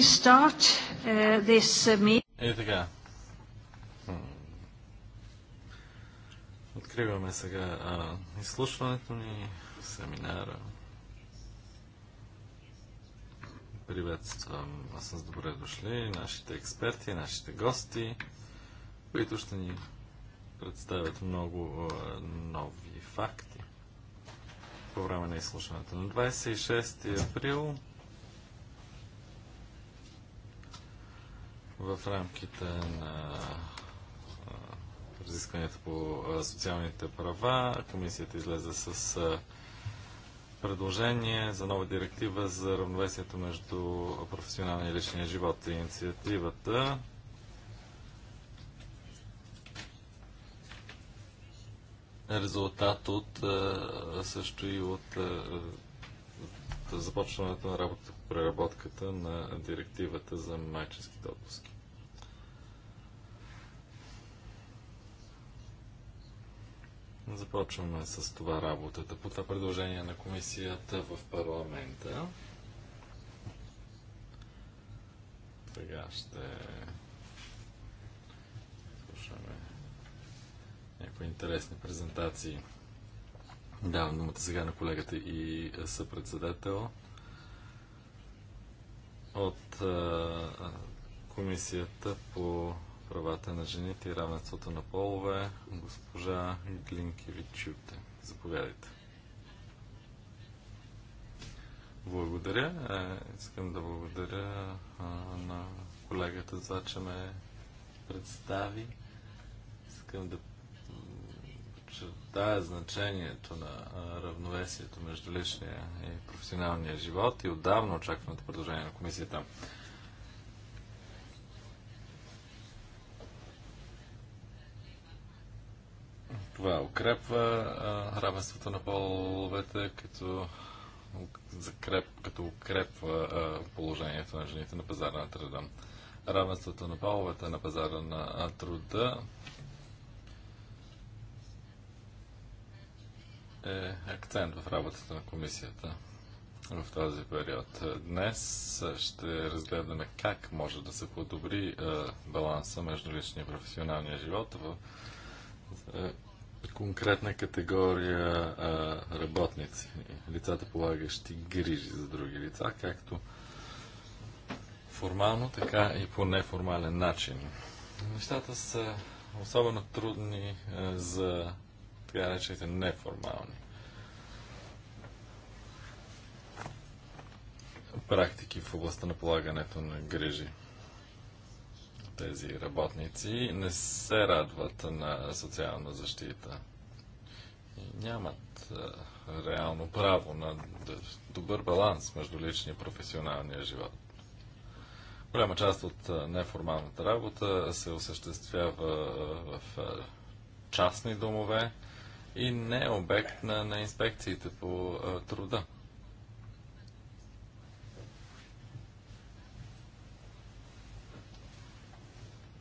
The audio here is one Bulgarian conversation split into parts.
we start uh, this uh, meeting? Е така. Откриваме сега а, изслушването ни, семинара. Приветствам с добре дошли нашите експерти, нашите гости, които ще ни представят много а, нови факти по време на изслушването. На 26 април В рамките на разискванията по социалните права, комисията излезе с предложение за нова директива за равновесието между професионалния и личния живот. и Инициативата резултат от също и от започването на работата преработката на директивата за майческите отпуски. Започваме с това работата по това предложение на комисията в парламента. Сега ще слушаме някои интересни презентации. Давам думата сега на колегата и съпредседател от Комисията по правата на жените и равенството на полове, госпожа Глинкевичуте. Заповядайте. Благодаря. Е, искам да благодаря а, на колегата за това, че ме представи. Искам да е значението на равновесието между личния и професионалния живот и отдавна очакваното продължение на комисията. Това укрепва а, равенството на половете, като, закреп, като укрепва а, положението на жените на пазара на труда. Равенството на половете на пазара на труда е акцент в работата на комисията в този период. Днес ще разгледаме как може да се подобри е, баланса между личния и професионалния живот в е, конкретна категория е, работници, лицата полагащи грижи за други лица, както формално, така и по неформален начин. Нещата са особено трудни за така наречените неформални практики в областта на полагането на грижи. Тези работници не се радват на социална защита и нямат реално право на добър баланс между личния и професионалния живот. Голяма част от неформалната работа се осъществява в частни домове, и не е обект на, на инспекциите по а, труда.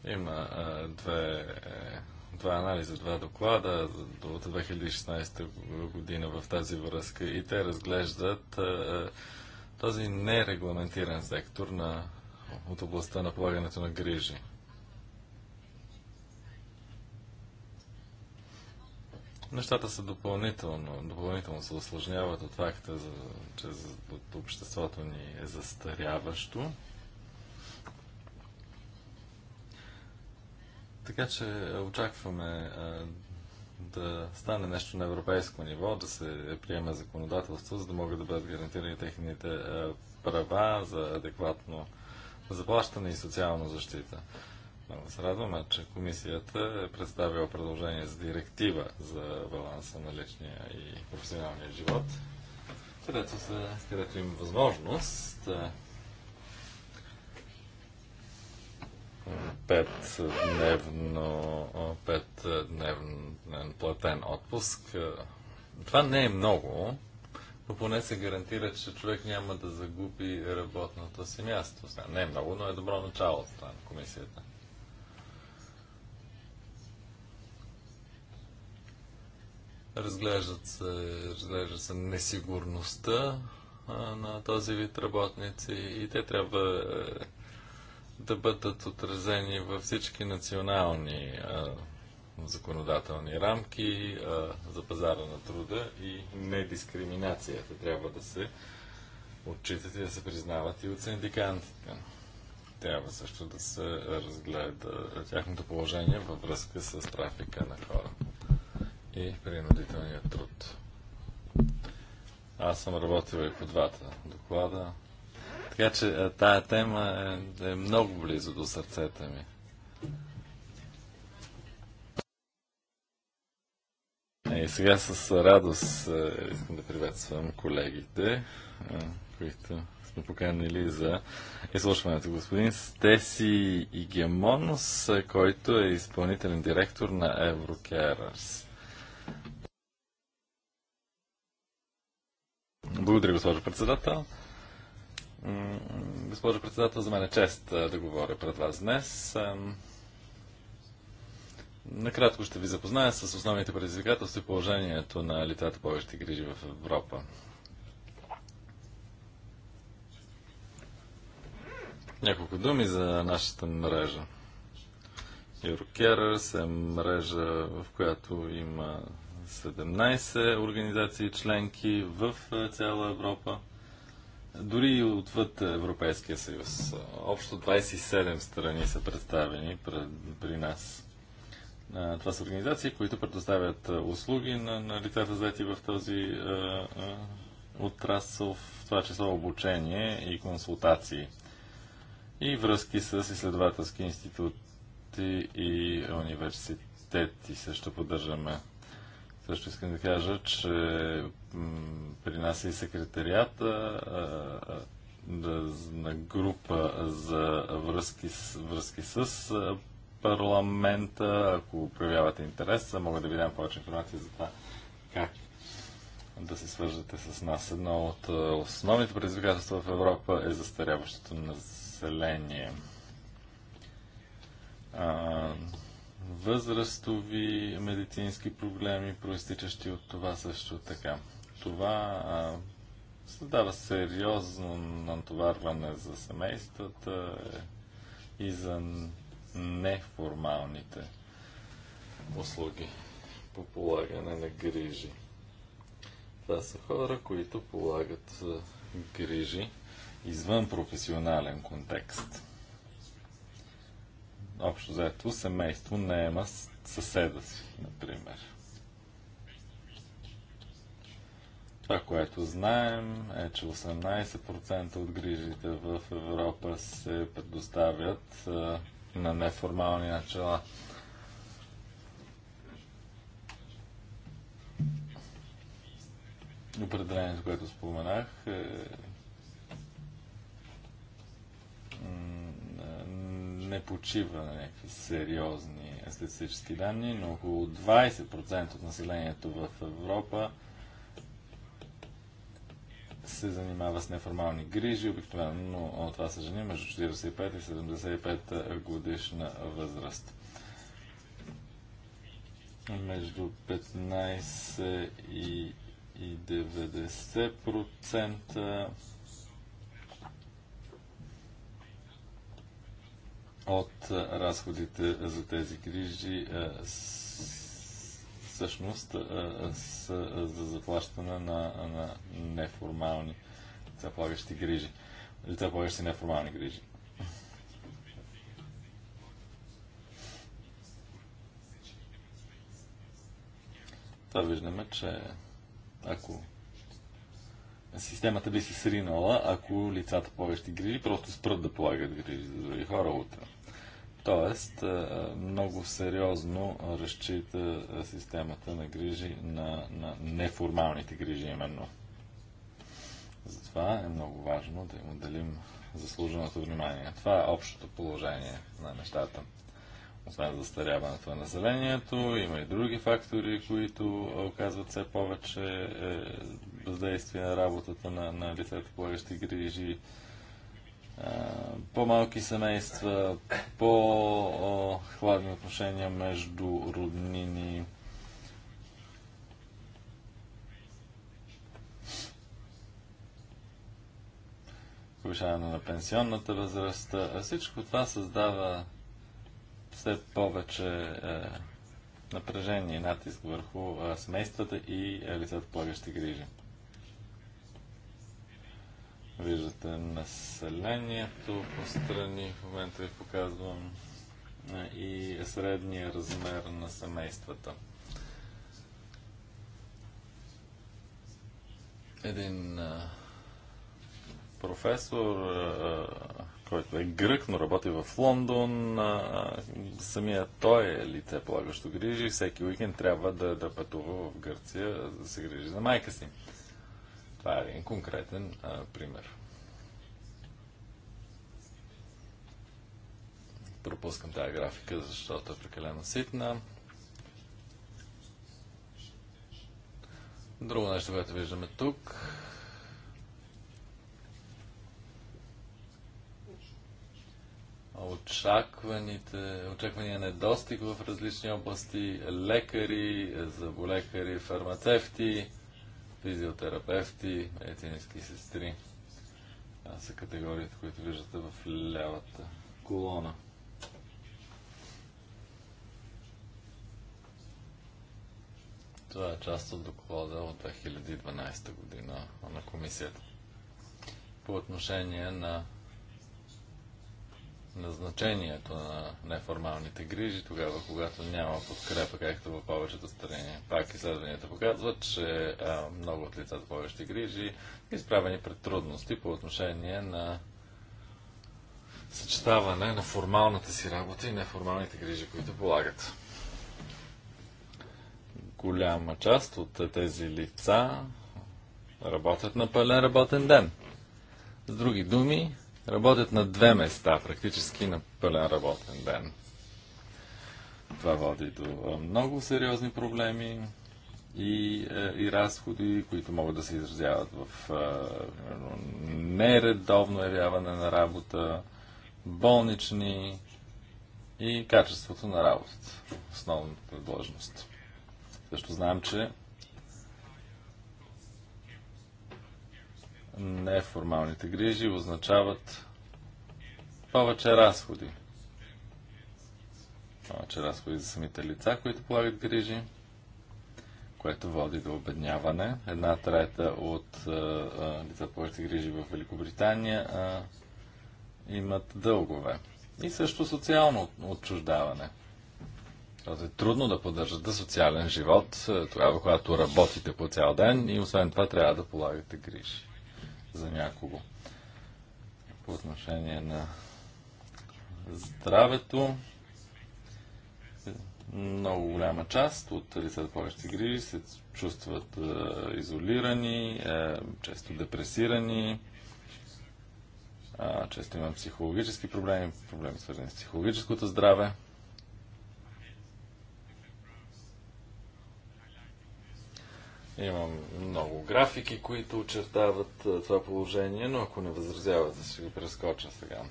Има а, две, е, два анализа, два доклада от 2016 година в тази връзка и те разглеждат а, този нерегламентиран сектор на, от областта на полагането на грижи. Нещата са допълнително, допълнително се осложняват от факта, че обществото ни е застаряващо. Така че очакваме да стане нещо на европейско ниво, да се приеме законодателство, за да могат да бъдат гарантирани техните права за адекватно заплащане и социална защита. Много се радваме, че комисията е представила предложение за директива за баланса на личния и професионалния живот, където, се, където има възможност е, петдневно, петдневен платен отпуск. Е, това не е много, но поне се гарантира, че човек няма да загуби работното си място. Не е много, но е добро начало от страна на комисията. Разглеждат се, разглежда се несигурността на този вид работници и те трябва е, да бъдат отразени във всички национални законодателни рамки за пазара на труда и недискриминацията трябва да се отчитат и да се признават и от синдикантите. Трябва също да се разгледа тяхното положение във връзка с трафика на хора и принудителният труд. Аз съм работил и по двата доклада. Така че е, тая тема е, е много близо до сърцета ми. Е, и сега с радост е, искам да приветствам колегите, които сме поканили за изслушването. Господин Стеси Игемонос, който е изпълнителен директор на Еврокерърс. Благодаря, госпожо председател. Госпожо председател, за мен е чест да говоря пред вас днес. Накратко ще ви запозная с основните предизвикателства и положението на лицата повече грижи в Европа. Няколко думи за нашата мрежа. Eurocarers е мрежа, в която има 17 организации членки в е, цяла Европа, дори и отвъд Европейския съюз. Общо 27 страни са представени при нас. Това са организации, които предоставят е, услуги на, на лицата заети в този е, е, отрасъл, в това число обучение и консултации и връзки с изследователски институти и университети също поддържаме. Също искам да кажа, че при нас е и секретарията на група за връзки с, връзки с парламента. Ако проявявате интерес, мога да ви дам повече информация за това как да се свържете с нас. Едно от основните предизвикателства в Европа е застаряващото население. А, възрастови медицински проблеми, проистичащи от това също така. Това а, създава сериозно натоварване за семействата и за неформалните услуги по полагане на грижи. Това са хора, които полагат грижи извън професионален контекст общо заето семейство наема съседа си, например. Това, което знаем е, че 18% от грижите в Европа се предоставят а, на неформални начала. Определението, което споменах е не почива на някакви сериозни статистически данни, но около 20% от населението в Европа се занимава с неформални грижи, обикновено от това са жени между 45 и 75 годишна възраст. Между 15 и 90% от разходите за тези грижи всъщност са за заплащане на, на неформални заплагащи грижи. Лица неформални грижи. Това виждаме, че ако системата би се сринала, ако лицата полагащи грижи просто спрат да полагат грижи за други хора утре. Тоест, много сериозно разчита системата на грижи, на, на неформалните грижи именно. Затова е много важно да им отделим заслуженото внимание. Това е общото положение на нещата. Освен застаряването на населението, има и други фактори, които оказват все повече е, въздействие на работата на, на лицата, полагащи грижи по-малки семейства, по-хладни отношения между роднини. повишаване на пенсионната възраст. Всичко това създава все повече е, напрежение и натиск върху семействата и е, лицата полагащи грижи. Виждате населението по страни, в момента ви показвам и средния размер на семействата. Един професор, който е грък, но работи в Лондон, самия той е лице полагащо грижи, всеки уикенд трябва да, да пътува в Гърция, да се грижи за майка си. Това е един конкретен а, пример. Пропускам тази графика, защото е прекалено ситна. Друго нещо, което виждаме тук. Очакваните, очаквания недостиг в различни области, лекари, заболекари, фармацевти, физиотерапевти, медицински сестри. Това са категориите, които виждате в лявата колона. Това е част от доклада от 2012 година на комисията. По отношение на Назначението на неформалните грижи, тогава когато няма подкрепа, както в повечето страни. Пак изследванията показват, че а, много от лицата, повечето грижи, изправени пред трудности по отношение на съчетаване на формалната си работа и неформалните грижи, които полагат. Голяма част от тези лица работят на пълен работен ден. С други думи, работят на две места, практически на пълен работен ден. Това води до много сериозни проблеми и, е, и разходи, които могат да се изразяват в нередовно явяване на работа, болнични и качеството на работата, основната длъжност. Също знаем, че неформалните грижи означават повече разходи. Повече разходи за самите лица, които полагат грижи, което води до обедняване. Една трета от а, лица, полагащи грижи в Великобритания, а, имат дългове. И също социално отчуждаване. Това е трудно да поддържате социален живот тогава, когато работите по цял ден и освен това трябва да полагате грижи за някого. По отношение на здравето, много голяма част от лицата повече грижи се чувстват е, изолирани, е, често депресирани, е, често имат психологически проблеми, проблеми свързани с психологическото здраве. Имам много графики, които очертават това положение, но ако не възразявате, ще ги прескоча сега.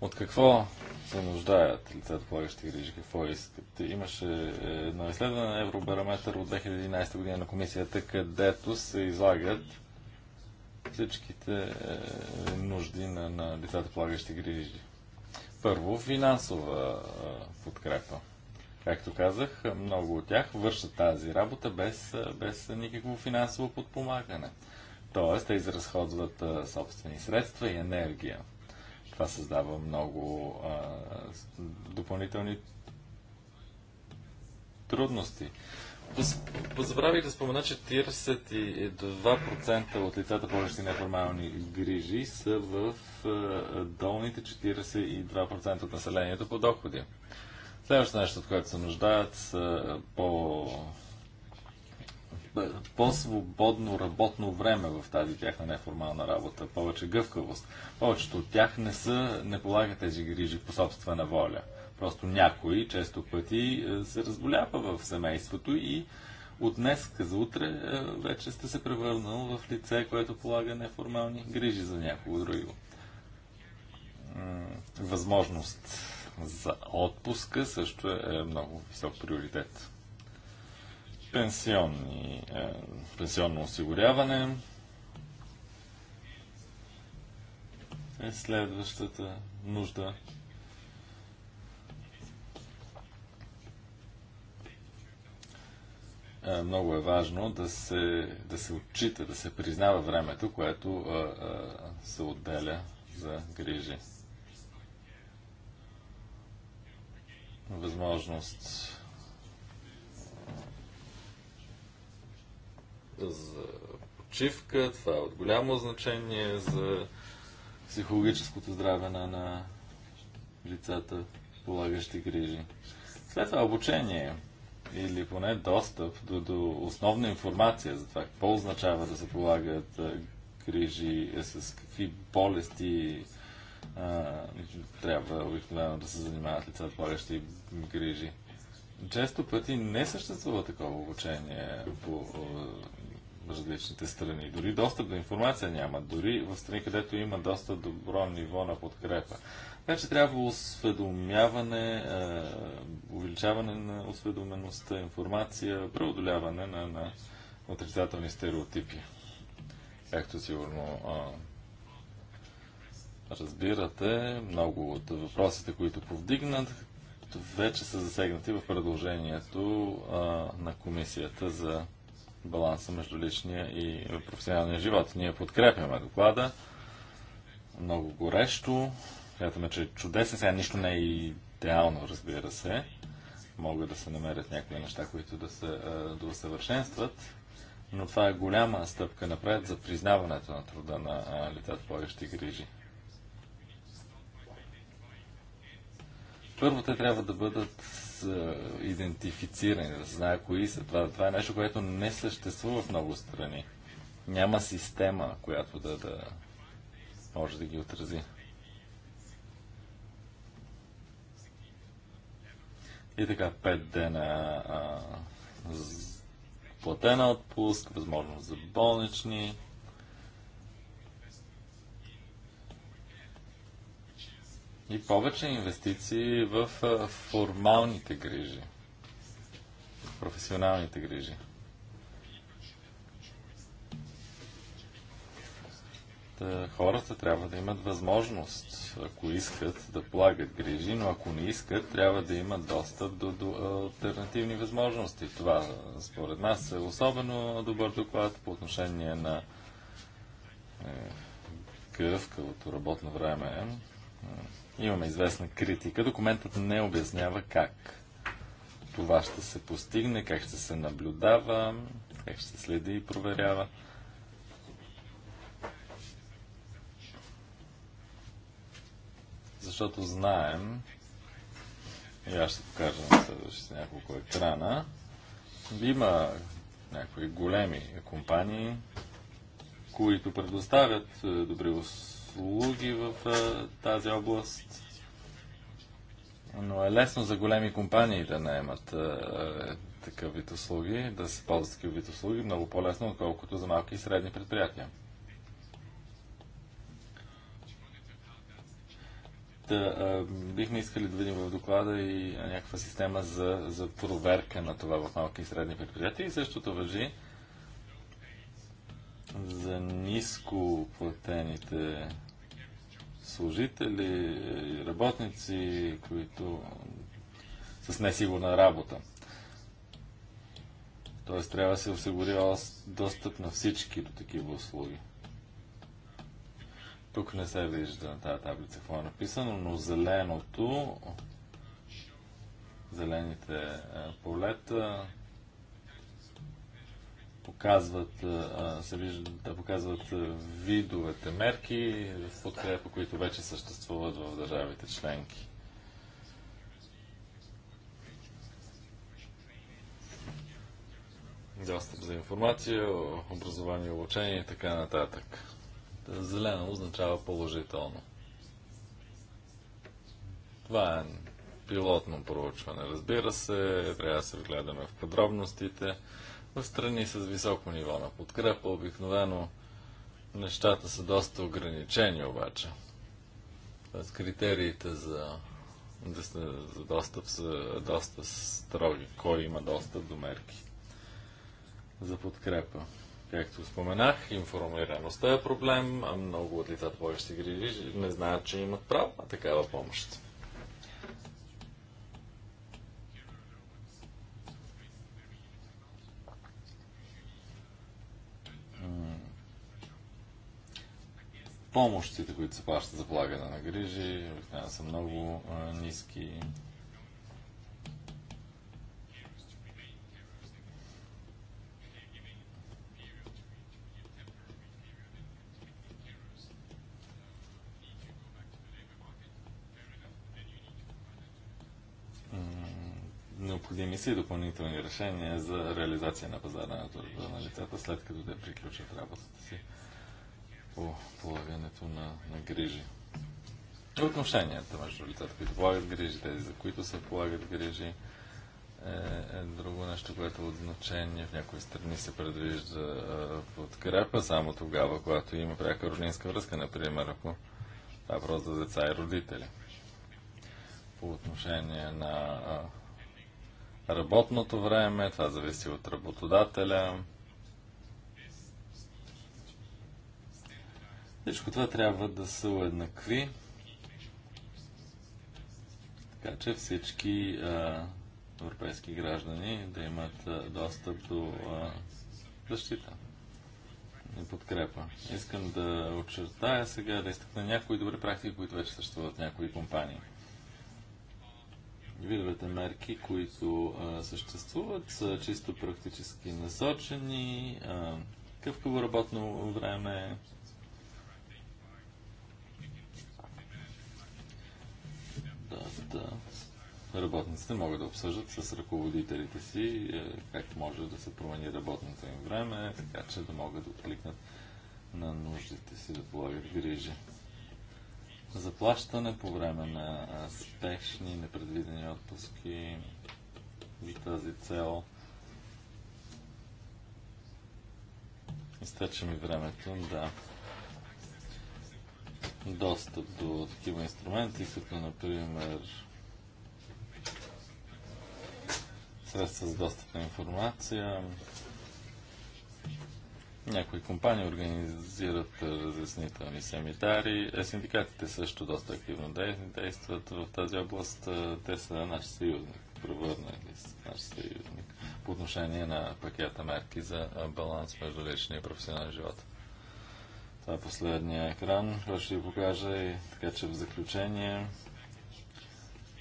От какво се нуждаят лицата полагащи грижи? Какво искат? Имаше е, едно изследване на Евробараметър от 2011 година на комисията, където се излагат всичките е, нужди на, на лицата полагащи грижи. Първо, финансова подкрепа Както казах, много от тях вършат тази работа без, без никакво финансово подпомагане. Тоест, те изразходват собствени средства и енергия. Това създава много а, допълнителни трудности. Забравих да спомена, че 42% от лицата, ползващи неформални грижи, са в долните 42% от населението по доходи. Следващото нещо, от което се нуждаят, са по по-свободно работно време в тази тяхна неформална работа, повече гъвкавост. Повечето от тях не, са, не полагат тези грижи по собствена воля. Просто някой често пъти е, се разболява в семейството и от днес за утре е, вече сте се превърнал в лице, което полага неформални грижи за някого друго. Възможност за отпуска също е, е много висок приоритет. Пенсионни, е, пенсионно осигуряване е следващата нужда. Е, много е важно да се, да се отчита, да се признава времето, което е, е, се отделя за грижи. възможност за почивка. Това е от голямо значение за психологическото здраве на, на лицата, полагащи грижи. След това обучение или поне достъп до, до основна информация за това какво означава да се полагат грижи, с какви болести трябва обикновено да се занимават лицата, полагащи грижи. Често пъти не съществува такова обучение по различните страни. Дори достъп до информация няма. Дори в страни, където има доста добро ниво на подкрепа. Така че трябва осведомяване, увеличаване на осведомеността, информация, преодоляване на, на отрицателни стереотипи. Както сигурно е, разбирате, много от въпросите, които повдигнат, вече са засегнати в предложението а, на комисията за баланса между личния и професионалния живот. Ние подкрепяме доклада много горещо. Смятаме, че е чудесно Сега нищо не е идеално, разбира се. Могат да се намерят някои неща, които да се да усъвършенстват. Но това е голяма стъпка напред за признаването на труда на лицата, полагащи грижи. Първо те трябва да бъдат идентифицирани, да се знае кои са. Това, това е нещо, което не съществува в много страни. Няма система, която да, да може да ги отрази. И така, пет дена а, платена отпуск, възможност за болнични и повече инвестиции в формалните грижи, в професионалните грижи. хората трябва да имат възможност, ако искат, да полагат грижи, но ако не искат, трябва да имат достъп до, до альтернативни възможности. Това, според нас, е особено добър доклад по отношение на е, гъвкавото работно време. Е, Имаме известна критика. Документът не обяснява как това ще се постигне, как ще се наблюдава, как ще се следи и проверява. Защото знаем, и аз ще покажа на следващите няколко екрана, има някои големи компании, които предоставят е, добри услуги услуги в тази област. Но е лесно за големи компании да наемат е, такъв вид услуги, да се ползват такива вид услуги, много по-лесно, отколкото за малки и средни предприятия. Да, а, бихме искали да видим в доклада и някаква система за, за проверка на това в малки и средни предприятия. И същото въжи за ниско платените служители и работници, които с несигурна работа. Тоест трябва да се осигури достъп на всички до такива услуги. Тук не се вижда на тази таблица какво е написано, но зеленото, зелените е, полета показват, се вижда, да показват видовете мерки в подкрепа, които вече съществуват в държавите членки. Достъп за информация, образование, обучение и така нататък. Зелено означава положително. Това е пилотно проучване. Разбира се, трябва да се вгледаме в подробностите. В страни с високо ниво на подкрепа обикновено нещата са доста ограничени обаче. Тоест критериите за, за достъп са доста строги. Кой има достъп до мерки за подкрепа? Както споменах, информираността е проблем, а много от лицата, се грижи, не знаят, че имат право на такава помощ. помощите, които се плащат за полагане на грижи, обикновено са много а, ниски. необходими са и допълнителни решения за реализация на пазара на труда на лицата, след като те приключат работата си по полагането на, на грижи. И отношенията между лицата, които полагат грижи, тези, за които се полагат грижи, е, е друго нещо, което е от значение. В някои страни се предвижда е, подкрепа само тогава, когато има пряка роднинска връзка, например, ако това е просто за деца и родители. По отношение на е, работното време, това зависи от работодателя Всичко това трябва да са уеднакви, така че всички а, европейски граждани да имат а, достъп до а, защита и подкрепа. Искам да очертая сега да изтъкна някои добри практики, които вече съществуват в някои компании. Видовете мерки, които а, съществуват, са чисто практически насочени, а, къвкаво работно време, да работниците могат да обсъждат с ръководителите си е, как може да се промени работното им време, така че да могат да откликнат на нуждите си, да полагат грижи. Заплащане по време на спешни, непредвидени отпуски за тази цел. Изтече ми времето, да достъп до такива инструменти, като например средства с достъп на информация. Някои компании организират разяснителни семинари. Е, синдикатите също доста активно действат в тази област. Е, те са наш съюзник, превърнали са наш съюзник по отношение на пакета мерки за баланс между личния и професионален живот. Това е последния екран, който ще ви покажа и така че в заключение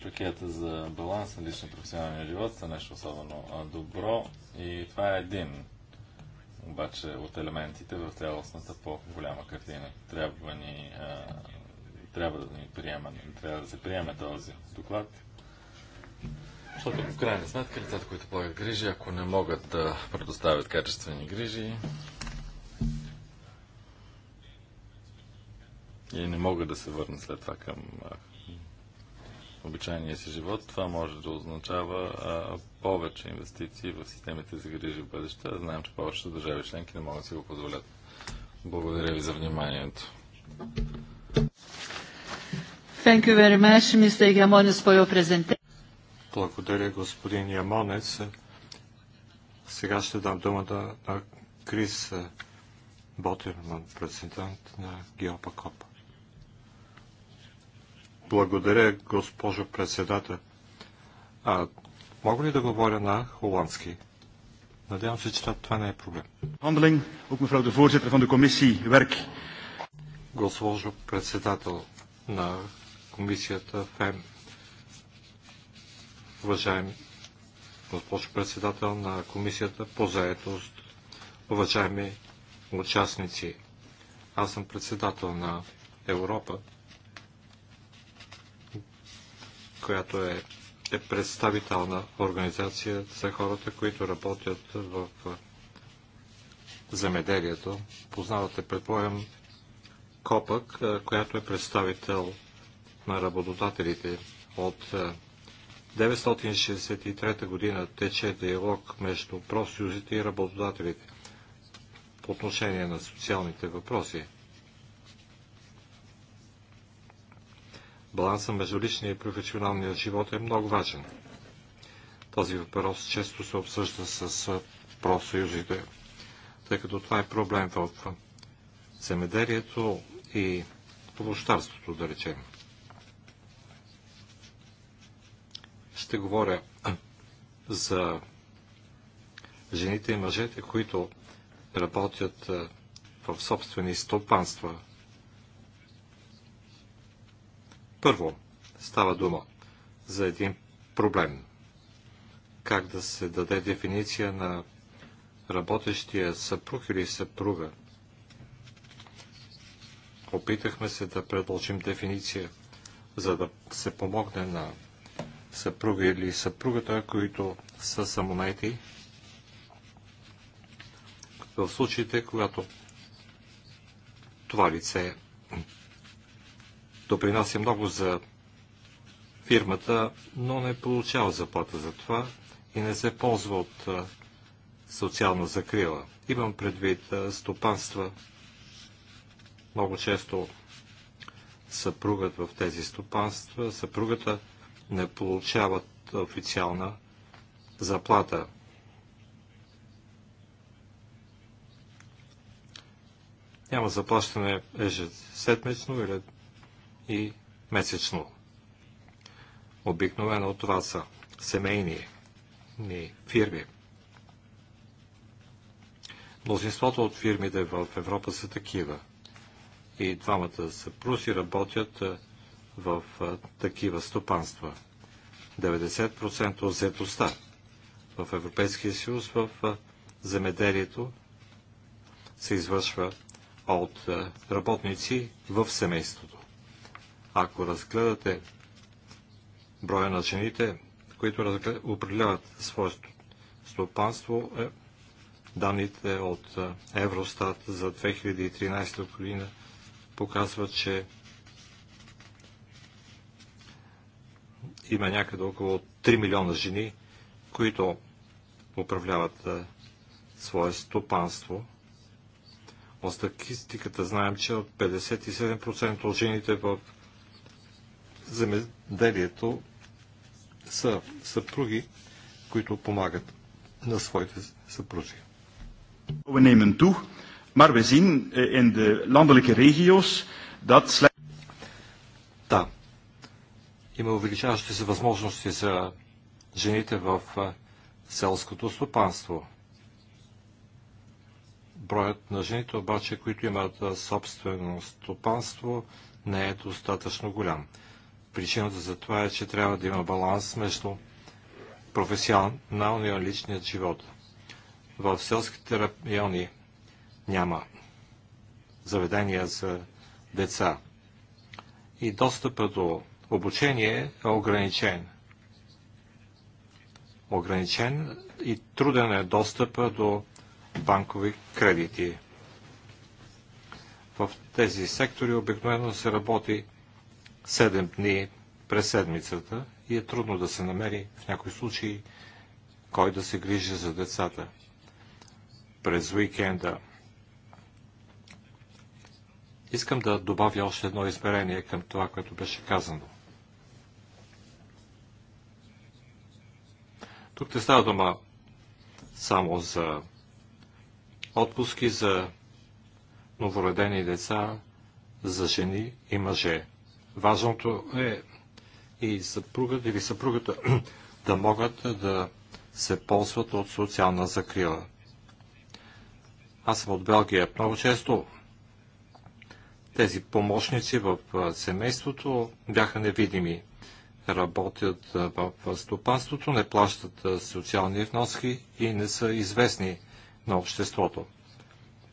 пакета за баланс на лично професионалния живот са нещо особено добро и това е един обаче от елементите в цялостната по-голяма картина. Трябва ни а, трябва да ни приема, трябва да се приеме този доклад. Защото в крайна сметка лицата, които полагат грижи, ако не могат да предоставят качествени грижи, и не мога да се върна след това към обичайния си живот, това може да означава а, повече инвестиции в системите за грижи в бъдеще. Знаем, че повечето държави членки не могат да си го позволят. Благодаря ви за вниманието. Thank you very much, Mr. Yamones, for your Благодаря, господин Ямонец. Сега ще дам думата на Крис Ботерман, президент на Геопакопа. Благодаря, госпожо председател. А, мога ли да говоря на холандски? Надявам се, че това не е проблем. Handeling, ook mevrouw de voorzitter van de commissie Werk. Госпожо председател на комисията ФЕМ, уважаеми госпожо председател на комисията по заетост, уважаеми участници, аз съм председател на Европа, която е, е представителна организация за хората, които работят в земеделието. Познавате, предполагам, Копък, която е представител на работодателите от 963 година тече диалог между профсъюзите и работодателите по отношение на социалните въпроси. Балансът между личния и професионалния живот е много важен. Този въпрос често се обсъжда с профсъюзите, тъй като това е проблем в земеделието и площарството, да речем. Ще говоря за жените и мъжете, които работят в собствени стопанства – Първо, става дума за един проблем. Как да се даде дефиниция на работещия съпруг или съпруга. Опитахме се да предложим дефиниция, за да се помогне на съпруга или съпругата, които са самонайти. В случаите, когато това лице допринася много за фирмата, но не получава заплата за това и не се ползва от социална закрила. Имам предвид стопанства. Много често съпругът в тези стопанства, съпругата не получават официална заплата. Няма заплащане ежеседмично или и месечно. Обикновено това са семейни ни фирми. Мнозинството от фирмите в Европа са такива. И двамата съпруси работят в такива стопанства. 90% от заедостта в Европейския съюз в земеделието се извършва от работници в семейството. Ако разгледате броя на жените, които определяват своето стопанство, е данните от е, Евростат за 2013 година показват, че има някъде около 3 милиона жени, които управляват е, свое стопанство. От статистиката знаем, че от 57% от жените в земеделието са съпруги, които помагат на своите съпружи. We nemen toe, maar we zien eh, in de landelijke regio's dat Да. Има увеличаващи се възможности за жените в селското стопанство. Броят на жените обаче, които имат собствено стопанство, не е достатъчно голям. Причината за това е, че трябва да има баланс между професионалния и личният живот. В селските райони няма заведения за деца. И достъпът до обучение е ограничен. Ограничен и труден е достъпа до банкови кредити. В тези сектори обикновено се работи 7 дни през седмицата и е трудно да се намери в някои случаи кой да се грижи за децата. През уикенда Искам да добавя още едно измерение към това, което беше казано. Тук не става дума само за отпуски за новородени деца, за жени и мъже. Важното е и съпругът или съпругата да могат да се ползват от социална закрила. Аз съм от Белгия. Много често тези помощници в семейството бяха невидими. Работят в стопанството, не плащат социални вноски и не са известни на обществото.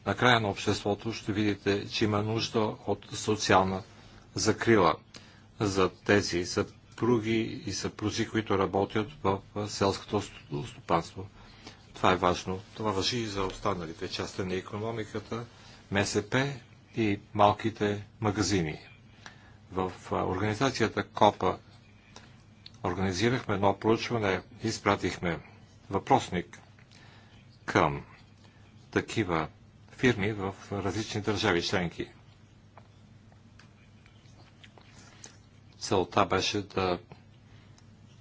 Накрая на обществото ще видите, че има нужда от социална закрила за тези съпруги и съпрузи, които работят в селското стопанство. Това е важно. Това въжи и за останалите части на економиката, МСП и малките магазини. В организацията КОПА организирахме едно проучване, и изпратихме въпросник към такива фирми в различни държави членки. Целта беше да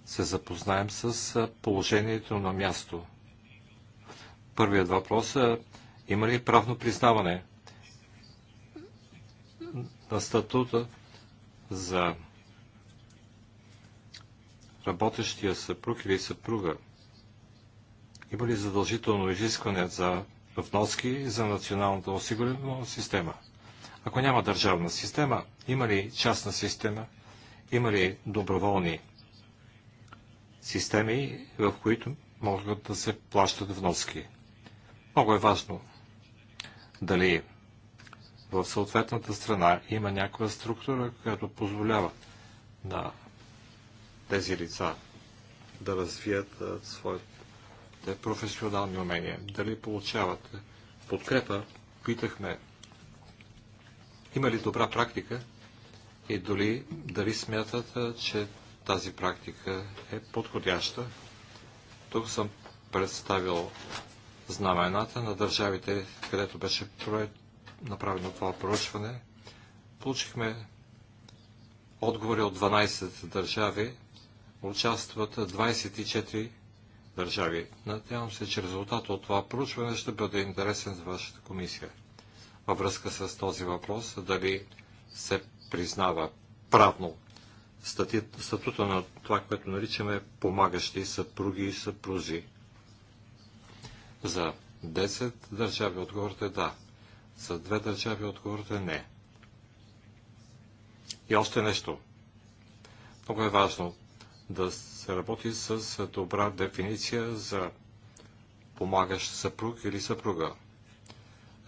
се запознаем с положението на място. Първият въпрос е, има ли правно признаване на статута за работещия съпруг или съпруга? Има ли задължително изискване за вноски за националната осигурителна система? Ако няма държавна система, има ли частна система – има ли доброволни системи, в които могат да се плащат вноски? Много е важно дали в съответната страна има някаква структура, която позволява на тези лица да развият своите професионални умения. Дали получават подкрепа, питахме има ли добра практика и дали, дали смятат, че тази практика е подходяща. Тук съм представил знамената на държавите, където беше направено това проучване. Получихме отговори от 12 държави, участват 24 държави. Надявам се, че резултатът от това проучване ще бъде интересен за вашата комисия. Във връзка с този въпрос, дали се признава правно статута на това, което наричаме помагащи съпруги и съпружи. За 10 държави отговорът е да. За две държави отговорът е не. И още нещо. Много е важно да се работи с добра дефиниция за помагащ съпруг или съпруга.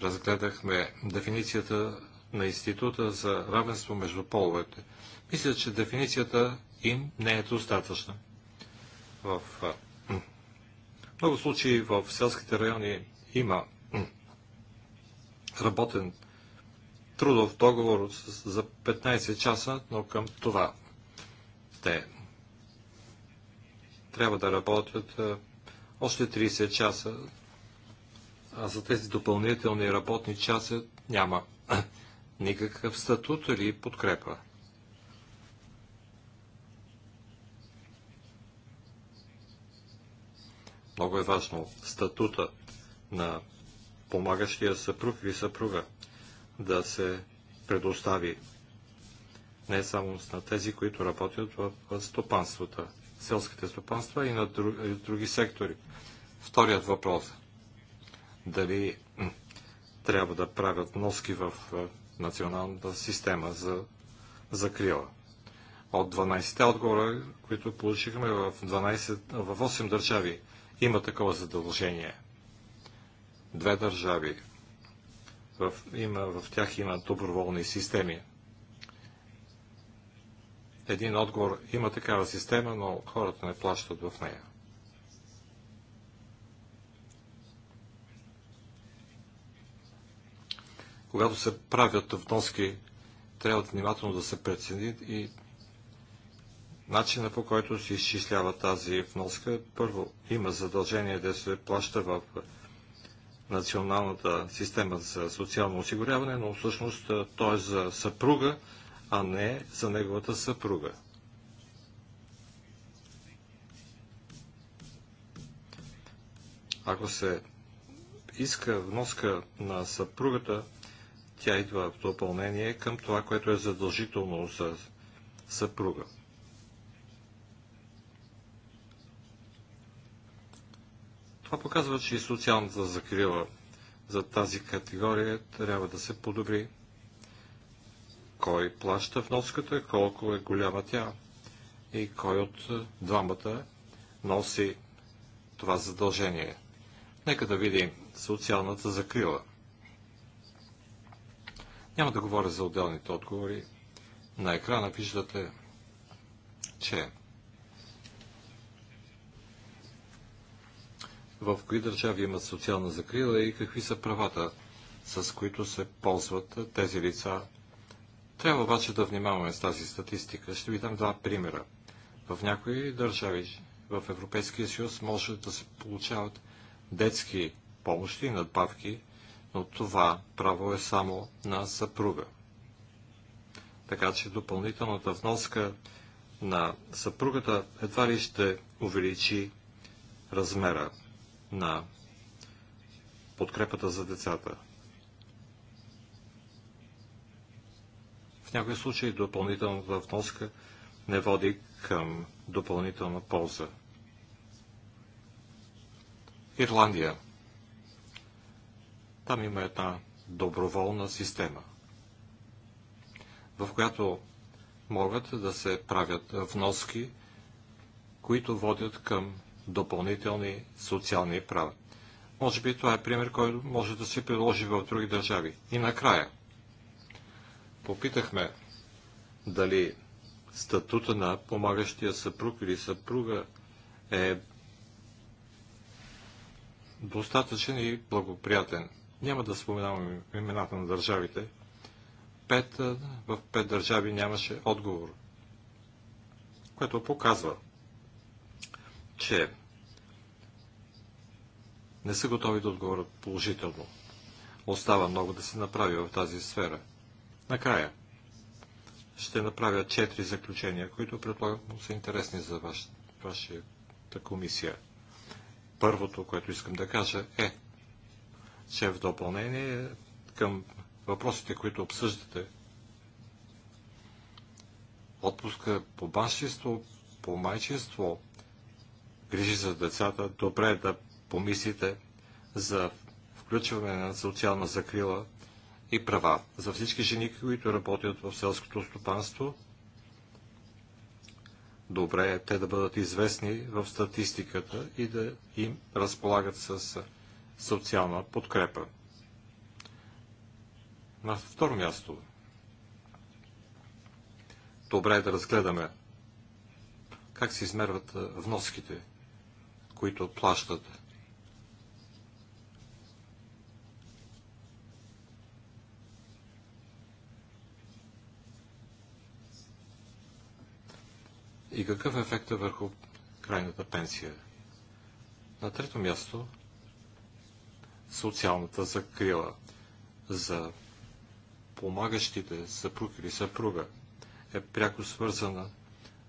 Разгледахме дефиницията на Института за равенство между половете. Мисля, че дефиницията им не е достатъчна. В много случаи в селските райони има работен трудов договор за 15 часа, но към това те трябва да работят още 30 часа, а за тези допълнителни работни часа няма никакъв статут или подкрепа. Много е важно статута на помагащия съпруг или съпруга да се предостави не само на тези, които работят в стопанствата, селските стопанства и на други сектори. Вторият въпрос. Дали трябва да правят носки в националната система за закрила. От 12-те отговора, които получихме в, 12, в 8 държави, има такова задължение. Две държави. В, има, в тях има доброволни системи. Един отговор има такава система, но хората не плащат в нея. когато се правят вноски, трябва внимателно да се прецени и начина по който се изчислява тази вноска. Първо, има задължение да се плаща в националната система за социално осигуряване, но всъщност той е за съпруга, а не за неговата съпруга. Ако се иска вноска на съпругата, тя идва в допълнение към това, което е задължително за съпруга. Това показва, че и социалната закрила за тази категория трябва да се подобри. Кой плаща вноската, колко е голяма тя и кой от е, двамата носи това задължение. Нека да видим социалната закрила. Няма да говоря за отделните отговори. На екрана виждате, че в кои държави имат социална закрила и какви са правата, с които се ползват тези лица. Трябва обаче да внимаваме с тази статистика. Ще ви дам два примера. В някои държави в Европейския съюз може да се получават детски помощи и надбавки но това право е само на съпруга. Така че допълнителната вноска на съпругата едва ли ще увеличи размера на подкрепата за децата. В някои случаи допълнителната вноска не води към допълнителна полза. Ирландия – там има една доброволна система, в която могат да се правят вноски, които водят към допълнителни социални права. Може би това е пример, който може да се приложи в други държави. И накрая, попитахме дали статута на помагащия съпруг или съпруга е достатъчен и благоприятен. Няма да споменавам имената на държавите. Пет, в пет държави нямаше отговор, което показва, че не са готови да отговорят положително. Остава много да се направи в тази сфера. Накрая ще направя четири заключения, които предполагам са интересни за ваш, вашата комисия. Първото, което искам да кажа е, че в допълнение към въпросите, които обсъждате, отпуска по баншество, по майчество, грижи за децата, добре е да помислите за включване на социална закрила и права за всички жени, които работят в селското стопанство. Добре е те да бъдат известни в статистиката и да им разполагат с социална подкрепа. На второ място, добре е да разгледаме как се измерват вноските, които плащат. И какъв е върху крайната пенсия? На трето място социалната закрила за помагащите съпруг или съпруга е пряко свързана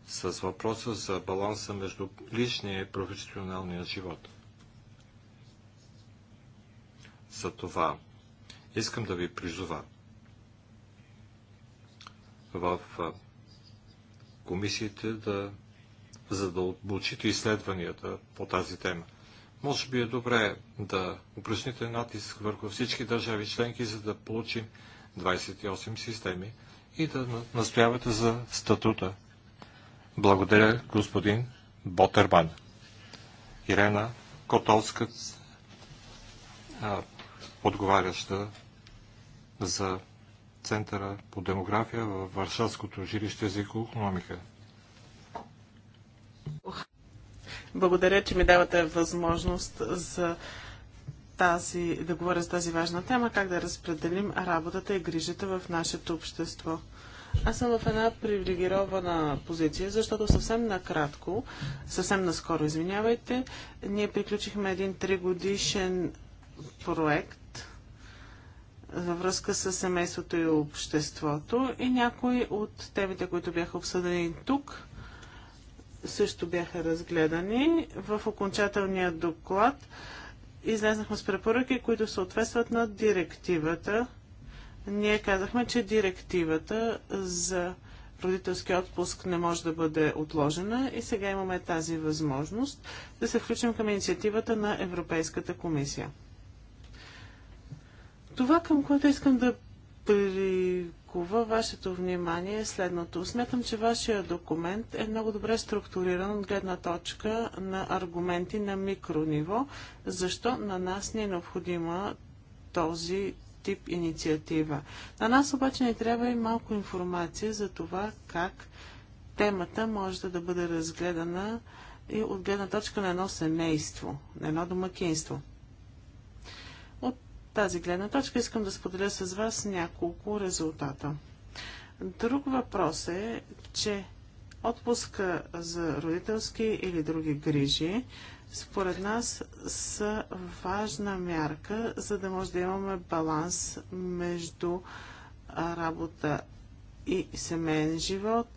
с въпроса за баланса между личния и професионалния живот. За това искам да ви призова в комисиите да за да изследванията по тази тема. Може би е добре да упражните натиск върху всички държави членки, за да получим 28 системи и да настоявате за статута. Благодаря, господин Ботерман. Ирена Котовска, отговаряща за Центъра по демография във Варшавското жилище за економика. Благодаря, че ми давате възможност за тази, да говоря за тази важна тема, как да разпределим работата и грижата в нашето общество. Аз съм в една привилегирована позиция, защото съвсем накратко, съвсем наскоро, извинявайте, ние приключихме един тригодишен проект във връзка с семейството и обществото и някои от темите, които бяха обсъдени тук, също бяха разгледани. В окончателния доклад излезнахме с препоръки, които съответстват на директивата. Ние казахме, че директивата за родителски отпуск не може да бъде отложена и сега имаме тази възможност да се включим към инициативата на Европейската комисия. Това, към което искам да при тълкува вашето внимание следното. Смятам, че вашия документ е много добре структуриран от гледна точка на аргументи на микрониво, защо на нас не е необходима този тип инициатива. На нас обаче не трябва и малко информация за това как темата може да бъде разгледана и от гледна точка на едно семейство, на едно домакинство тази гледна точка искам да споделя с вас няколко резултата. Друг въпрос е, че отпуска за родителски или други грижи според нас са важна мярка, за да може да имаме баланс между работа и семейен живот,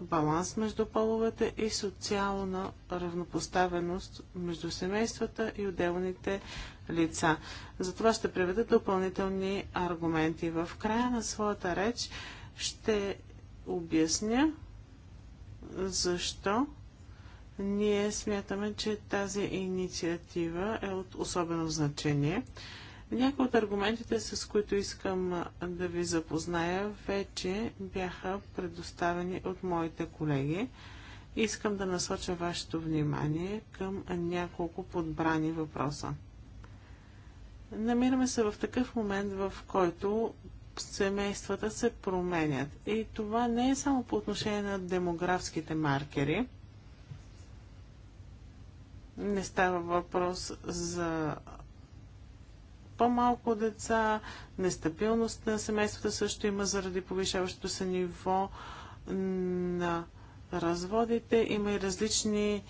баланс между половете и социална равнопоставеност между семействата и отделните лица. Затова ще приведа допълнителни аргументи. В края на своята реч ще обясня защо ние смятаме, че тази инициатива е от особено значение. Някои от аргументите, с които искам да ви запозная, вече бяха предоставени от моите колеги. Искам да насоча вашето внимание към няколко подбрани въпроса. Намираме се в такъв момент, в който семействата се променят. И това не е само по отношение на демографските маркери. Не става въпрос за по-малко деца, нестабилност на семействата също има заради повишаващото се ниво на разводите. Има и различни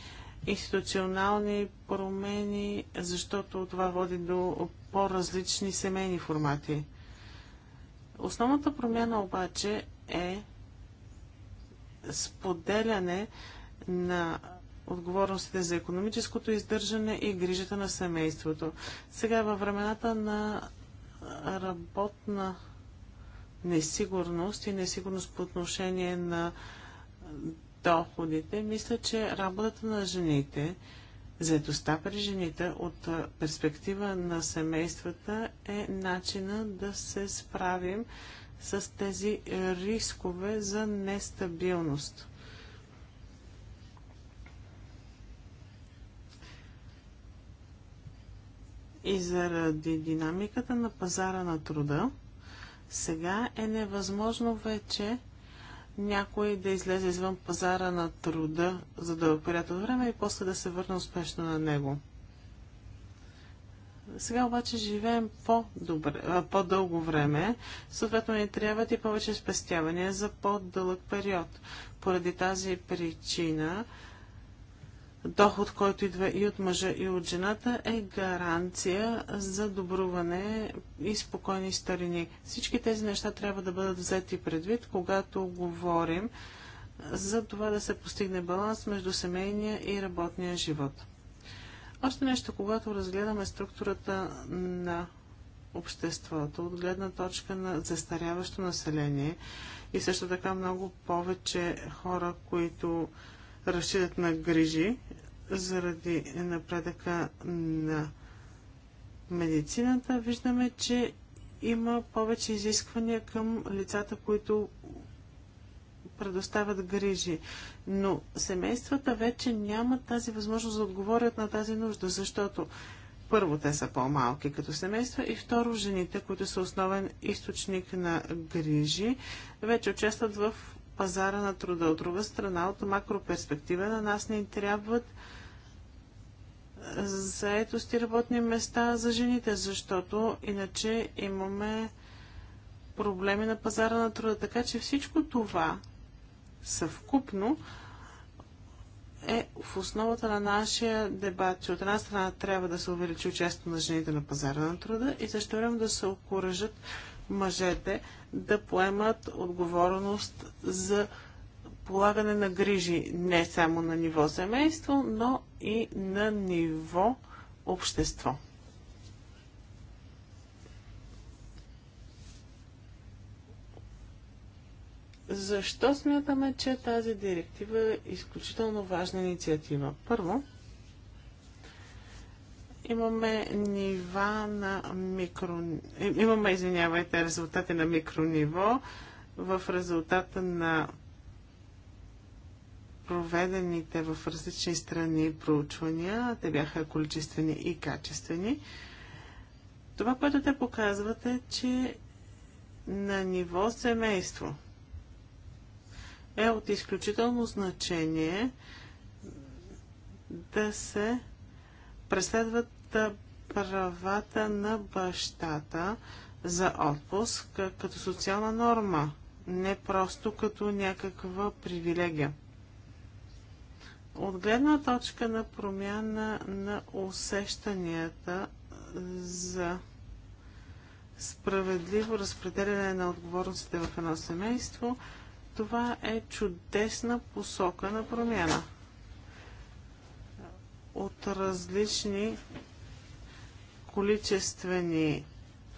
институционални промени, защото това води до по-различни семейни формати. Основната промяна обаче е споделяне на отговорностите за економическото издържане и грижата на семейството. Сега във времената на работна несигурност и несигурност по отношение на доходите, мисля, че работата на жените Заедостта при жените от перспектива на семействата е начина да се справим с тези е, рискове за нестабилност. И заради динамиката на пазара на труда, сега е невъзможно вече някой да излезе извън пазара на труда за дълъг период от време и после да се върне успешно на него. Сега обаче живеем по по-дълго време, съответно ни трябват и повече спестявания за по-дълъг период. Поради тази причина доход, който идва и от мъжа, и от жената, е гаранция за добруване и спокойни старини. Всички тези неща трябва да бъдат взети предвид, когато говорим за това да се постигне баланс между семейния и работния живот. Още нещо, когато разгледаме структурата на обществото от гледна точка на застаряващо население и също така много повече хора, които разчитат на грижи, заради напредъка на медицината, виждаме, че има повече изисквания към лицата, които предоставят грижи. Но семействата вече нямат тази възможност да отговорят на тази нужда, защото първо те са по-малки като семейства и второ жените, които са основен източник на грижи, вече участват в пазара на труда. От друга страна, от макроперспектива на нас не трябват заетост и работни места за жените, защото иначе имаме проблеми на пазара на труда. Така че всичко това съвкупно е в основата на нашия дебат, че от една страна трябва да се увеличи участието на жените на пазара на труда и също време да се окоръжат мъжете да поемат отговорност за полагане на грижи не само на ниво семейство, но и на ниво общество. Защо смятаме, че тази директива е изключително важна инициатива? Първо, имаме нива на микро... Е, имаме, извинявайте, резултати на микрониво в резултата на проведените в различни страни проучвания, те бяха количествени и качествени, това, което те показват е, че на ниво семейство е от изключително значение да се преследват правата на бащата за отпуск като социална норма, не просто като някаква привилегия. От гледна точка на промяна на усещанията за справедливо разпределяне на отговорностите в едно семейство, това е чудесна посока на промяна. От различни количествени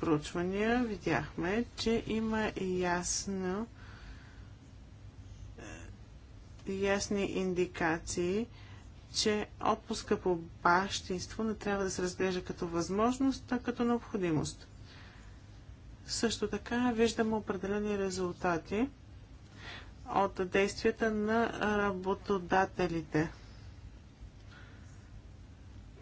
проучвания видяхме, че има ясно ясни индикации, че отпуска по бащинство не трябва да се разглежда като възможност, а като необходимост. Също така виждаме определени резултати от действията на работодателите,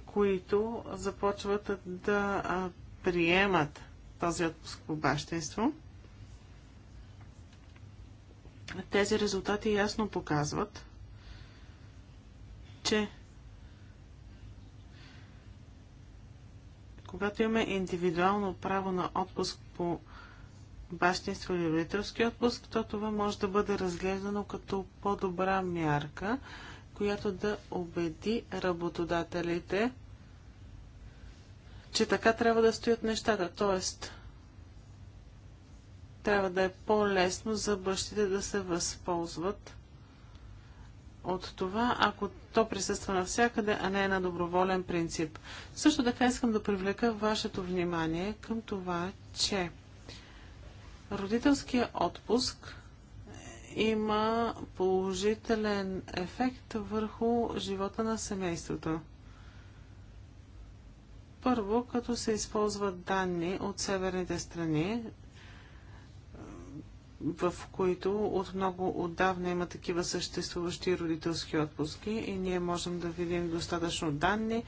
които започват да приемат този отпуск по бащинство. Тези резултати ясно показват, че когато имаме индивидуално право на отпуск по бащинство или родителски отпуск, то това може да бъде разглеждано като по-добра мярка, която да убеди работодателите, че така трябва да стоят нещата. Тоест, трябва да е по-лесно за бащите да се възползват от това, ако то присъства навсякъде, а не е на доброволен принцип. Също така искам да привлека вашето внимание към това, че родителския отпуск има положителен ефект върху живота на семейството. Първо, като се използват данни от северните страни, в които от много отдавна има такива съществуващи родителски отпуски и ние можем да видим достатъчно данни,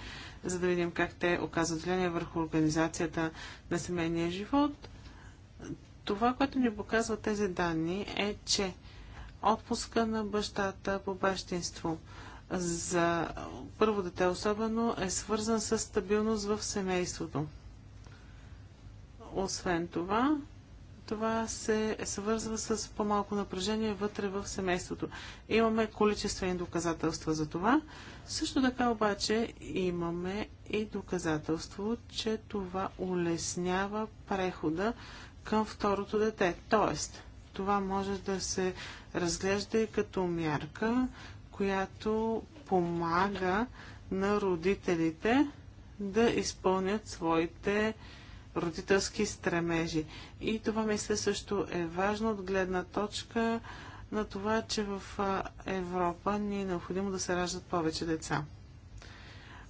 за да видим как те оказват влияние върху организацията на семейния живот. Това, което ни показва тези данни е, че отпуска на бащата по бащинство за първо дете особено е свързан с стабилност в семейството. Освен това, това се свързва с по-малко напрежение вътре в семейството. Имаме количествени доказателства за това. Също така обаче имаме и доказателство, че това улеснява прехода към второто дете. Тоест, това може да се разглежда и като мярка, която помага на родителите да изпълнят своите родителски стремежи. И това мисля също е важно от гледна точка на това, че в Европа ни е необходимо да се раждат повече деца.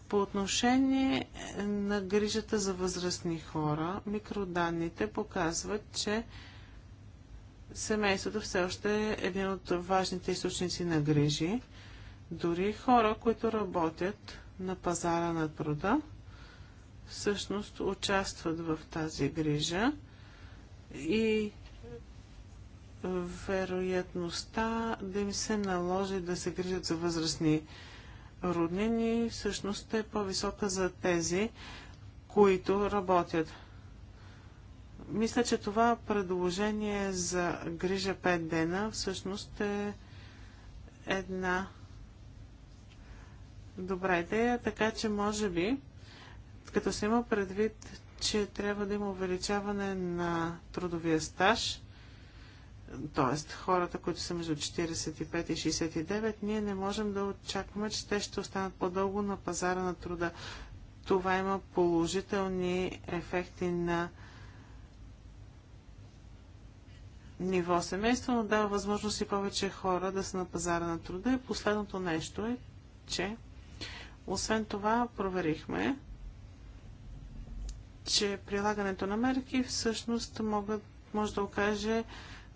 По отношение е, на грижата за възрастни хора, микроданните показват, че семейството все още е един от важните източници на грижи. Дори хора, които работят на пазара на труда, всъщност участват в тази грижа и вероятността да им се наложи да се грижат за възрастни роднини всъщност е по-висока за тези, които работят. Мисля, че това предложение за грижа 5 дена всъщност е една добра идея, така че може би като се има предвид, че трябва да има увеличаване на трудовия стаж, т.е. хората, които са между 45 и 69, ние не можем да очакваме, че те ще останат по-дълго на пазара на труда. Това има положителни ефекти на ниво семейство, но дава възможност и повече хора да са на пазара на труда. И последното нещо е, че освен това проверихме, че прилагането на мерки всъщност могат, може да окаже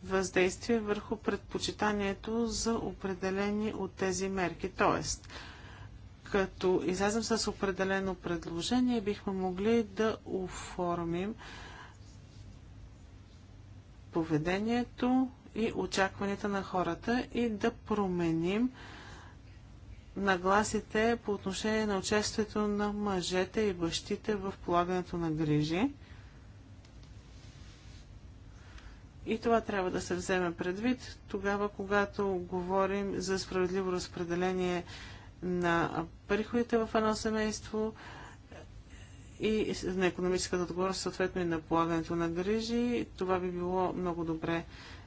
въздействие върху предпочитанието за определени от тези мерки. Тоест, като излезем с определено предложение, бихме могли да оформим поведението и очакванията на хората и да променим нагласите по отношение на участието на мъжете и бащите в полагането на грижи. И това трябва да се вземе предвид тогава, когато говорим за справедливо разпределение на приходите в едно семейство и на економическата отговорност, съответно и на полагането на грижи. Това би било много добре.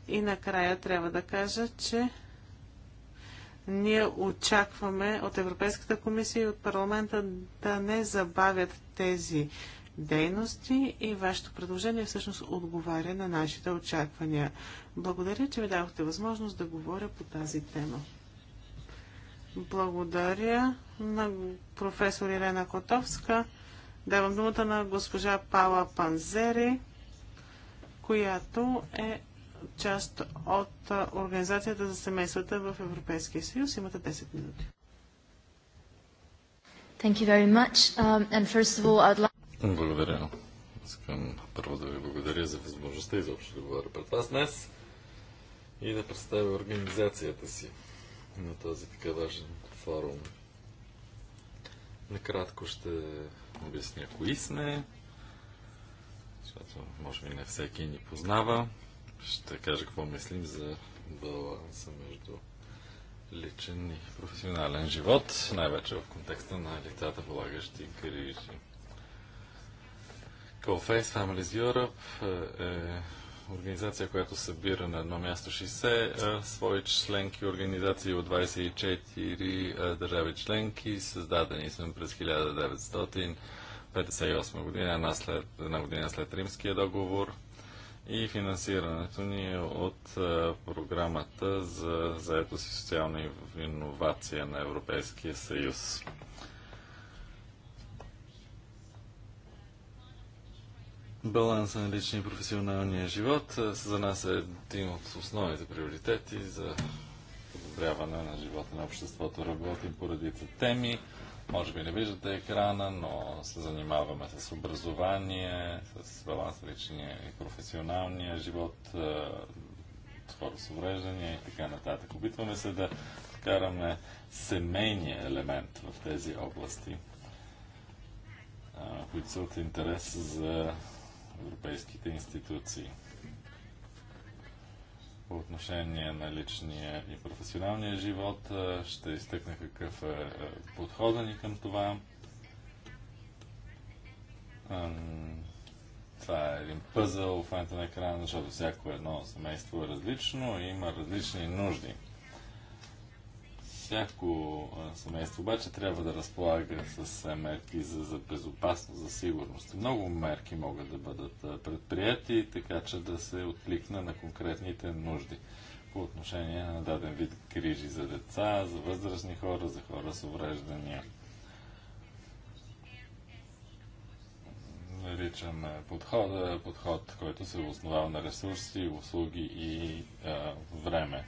И накрая трябва да кажа, че ние очакваме от Европейската комисия и от парламента да не забавят тези дейности и вашето предложение всъщност отговаря на нашите очаквания. Благодаря, че ви дадохте възможност да говоря по тази тема. Благодаря на професор Ирена Котовска. Давам думата на госпожа Пала Панзери, която е част от Организацията за семействата в Европейския съюз. Имате 10 минути. Thank you very much. Um, and first of all, I'd like... Благодаря. Искам първо да ви благодаря за възможността и общо да говоря пред вас днес и да представя организацията си на този така важен форум. Накратко ще обясня кои сме, защото може би не всеки ни познава ще кажа какво мислим за баланса между личен и професионален живот, най-вече в контекста на лицата, полагащи грижи. Coface Families Europe е, е организация, която събира на едно място 60 свои членки, организации от 24 държави членки. Създадени сме през 1958 година, една, след, една година след Римския договор – и финансирането ни е от е, програмата за заетост и социална иновация на Европейския съюз. Баланс на личния и професионалния живот е, за нас е един от основните приоритети за подобряване на живота на обществото. Работим по редица теми може би не виждате екрана, но се занимаваме с образование, с баланс личния и професионалния живот, с е, хора с увреждания и така нататък. Опитваме се да вкараме семейния елемент в тези области, е, които са от интерес за европейските институции по отношение на личния и професионалния живот. Ще изтъкна какъв е, е подхода ни към това. Това е един пъзъл в на екрана, защото всяко едно семейство е различно и има различни нужди. Всяко семейство обаче трябва да разполага с мерки за, за безопасност, за сигурност. Много мерки могат да бъдат предприяти, така че да се откликне на конкретните нужди по отношение на даден вид грижи за деца, за възрастни хора, за хора с увреждания. наричаме подхода, подход, който се основава на ресурси, услуги и а, време.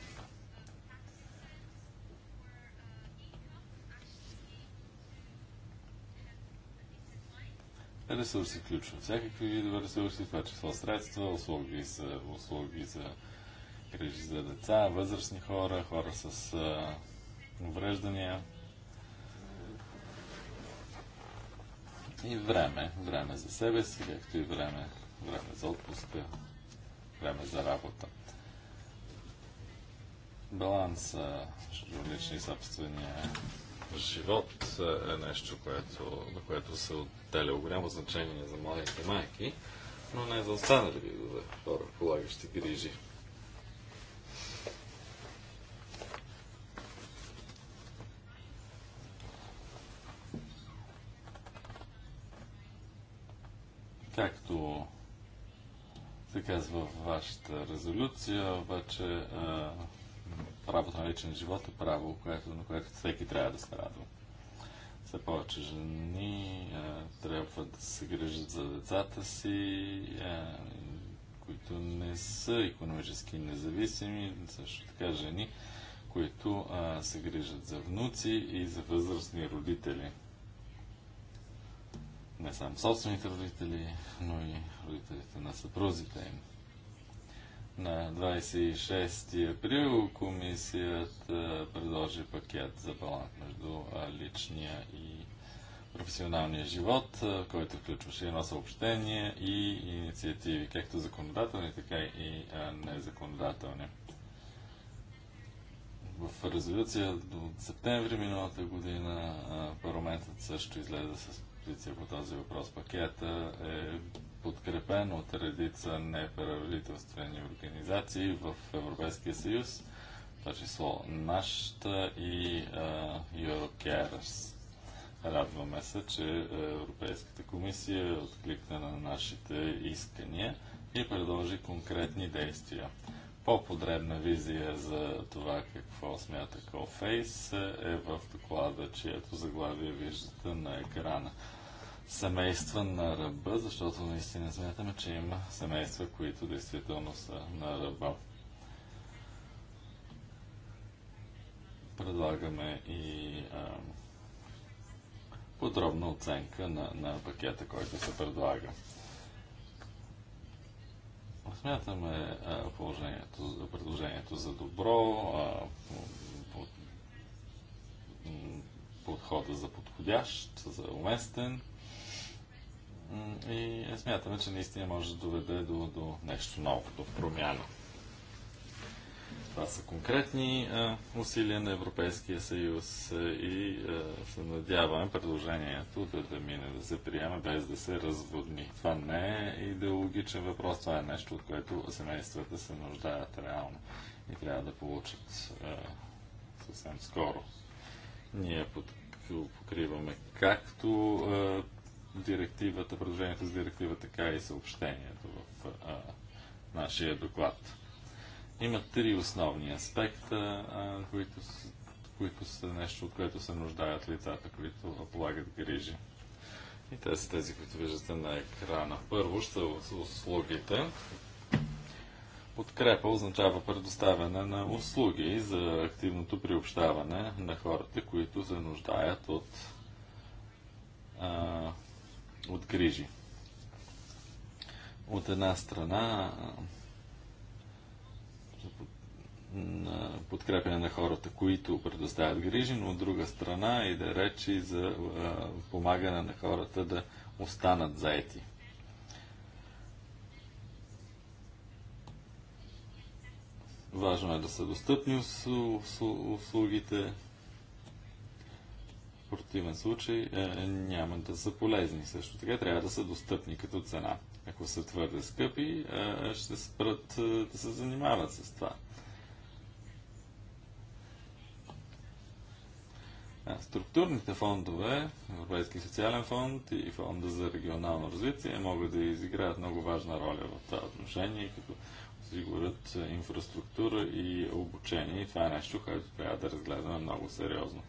ресурси включват всякакви видове ресурси, това число средства, услуги за, услуги за грижи за деца, възрастни хора, хора с а, увреждания. И време. Време за себе си, както и време, време за отпуска, време за работа. Баланс между лични и собствения живот е нещо, което, на което се отделя голямо значение за младите майки, но не за останали за хора, полагащи грижи. Както се казва в вашата резолюция, обаче правото на личен живот е право, което, на което всеки трябва да се радва. Все повече жени а, е, трябва да се грижат за децата си, а, е, които не са економически независими, също така жени, които а, е, се грижат за внуци и за възрастни родители. Не само собствените родители, но и родителите на съпрузите им на 26 април комисията предложи пакет за баланс между личния и професионалния живот, който включваше едно съобщение и инициативи, както законодателни, така и незаконодателни. В резолюция от септември миналата година парламентът също излезе с позиция по този въпрос. Пакета е подкрепен от редица неправителствени организации в Европейския съюз, това число нашата и Eurocares. Радваме се, че Европейската комисия откликна на нашите искания и предложи конкретни действия. По-подребна визия за това какво смята Колфейс е в доклада, чието заглавие виждате на екрана семейства на ръба, защото наистина смятаме, че има семейства, които действително са на ръба. Предлагаме и а, подробна оценка на, на пакета, който се предлага. Смятаме а, положението, предложението за добро, а, подхода за подходящ, за уместен и смятаме, че наистина може да доведе до, до нещо ново, до промяна. Това са конкретни а, усилия на Европейския съюз и а, се надяваме предложението да, да мине, да се приема, без да се разводни. Това не е идеологичен въпрос, това е нещо, от което семействата се нуждаят реално и трябва да получат а, съвсем скоро. Ние покриваме както директивата, предложението с директива, така и съобщението в а, нашия доклад. Има три основни аспекта, а, които, които са нещо, от което се нуждаят лицата, които полагат грижи. И те са тези, които виждате на екрана. Първо ще са услугите. Подкрепа означава предоставяне на услуги за активното приобщаване на хората, които се нуждаят от а, от грижи. От една страна на подкрепяне на хората, които предоставят грижи, но от друга страна и да е речи за помагане на хората да останат заети. Важно е да са достъпни услугите, противен случай е, е, няма да са полезни. Също така трябва да са достъпни като цена. Ако са твърде скъпи, е, е ще спрат е, да се занимават с това. Структурните фондове, Европейски социален фонд и фонда за регионално развитие могат да изиграят много важна роля в това отношение, като осигурят е, инфраструктура и обучение. И това е нещо, което трябва да разгледаме много сериозно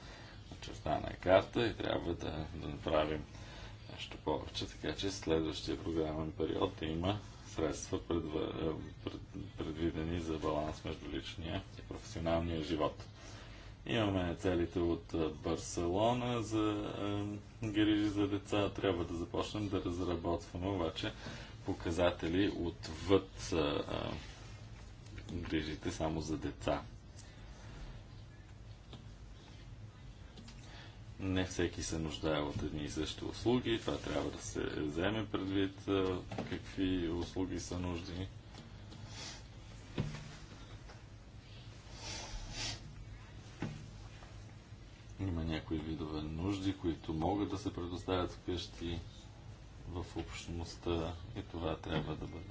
чертана карта и трябва да, да направим нещо повече, така че следващия програмен период да има средства пред, е, пред, предвидени за баланс между личния и професионалния живот. Имаме целите от е, Барселона за е, грижи за деца. Трябва да започнем да разработваме обаче показатели отвъд е, е грижите само за деца. Не всеки се нуждае от едни и същи услуги. Това трябва да се вземе предвид какви услуги са нужди. Има някои видове нужди, които могат да се предоставят вкъщи в общността и това трябва да бъде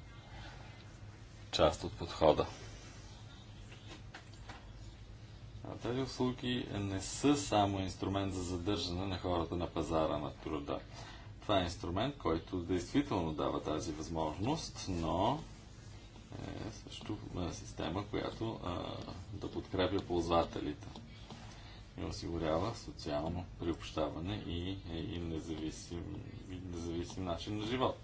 част от подхода. Тези услуги не са само инструмент за задържане на хората на пазара на труда. Това е инструмент, който действително дава тази възможност, но е също система, която а, да подкрепя ползвателите и осигурява социално приобщаване и, и независим, независим начин на живот.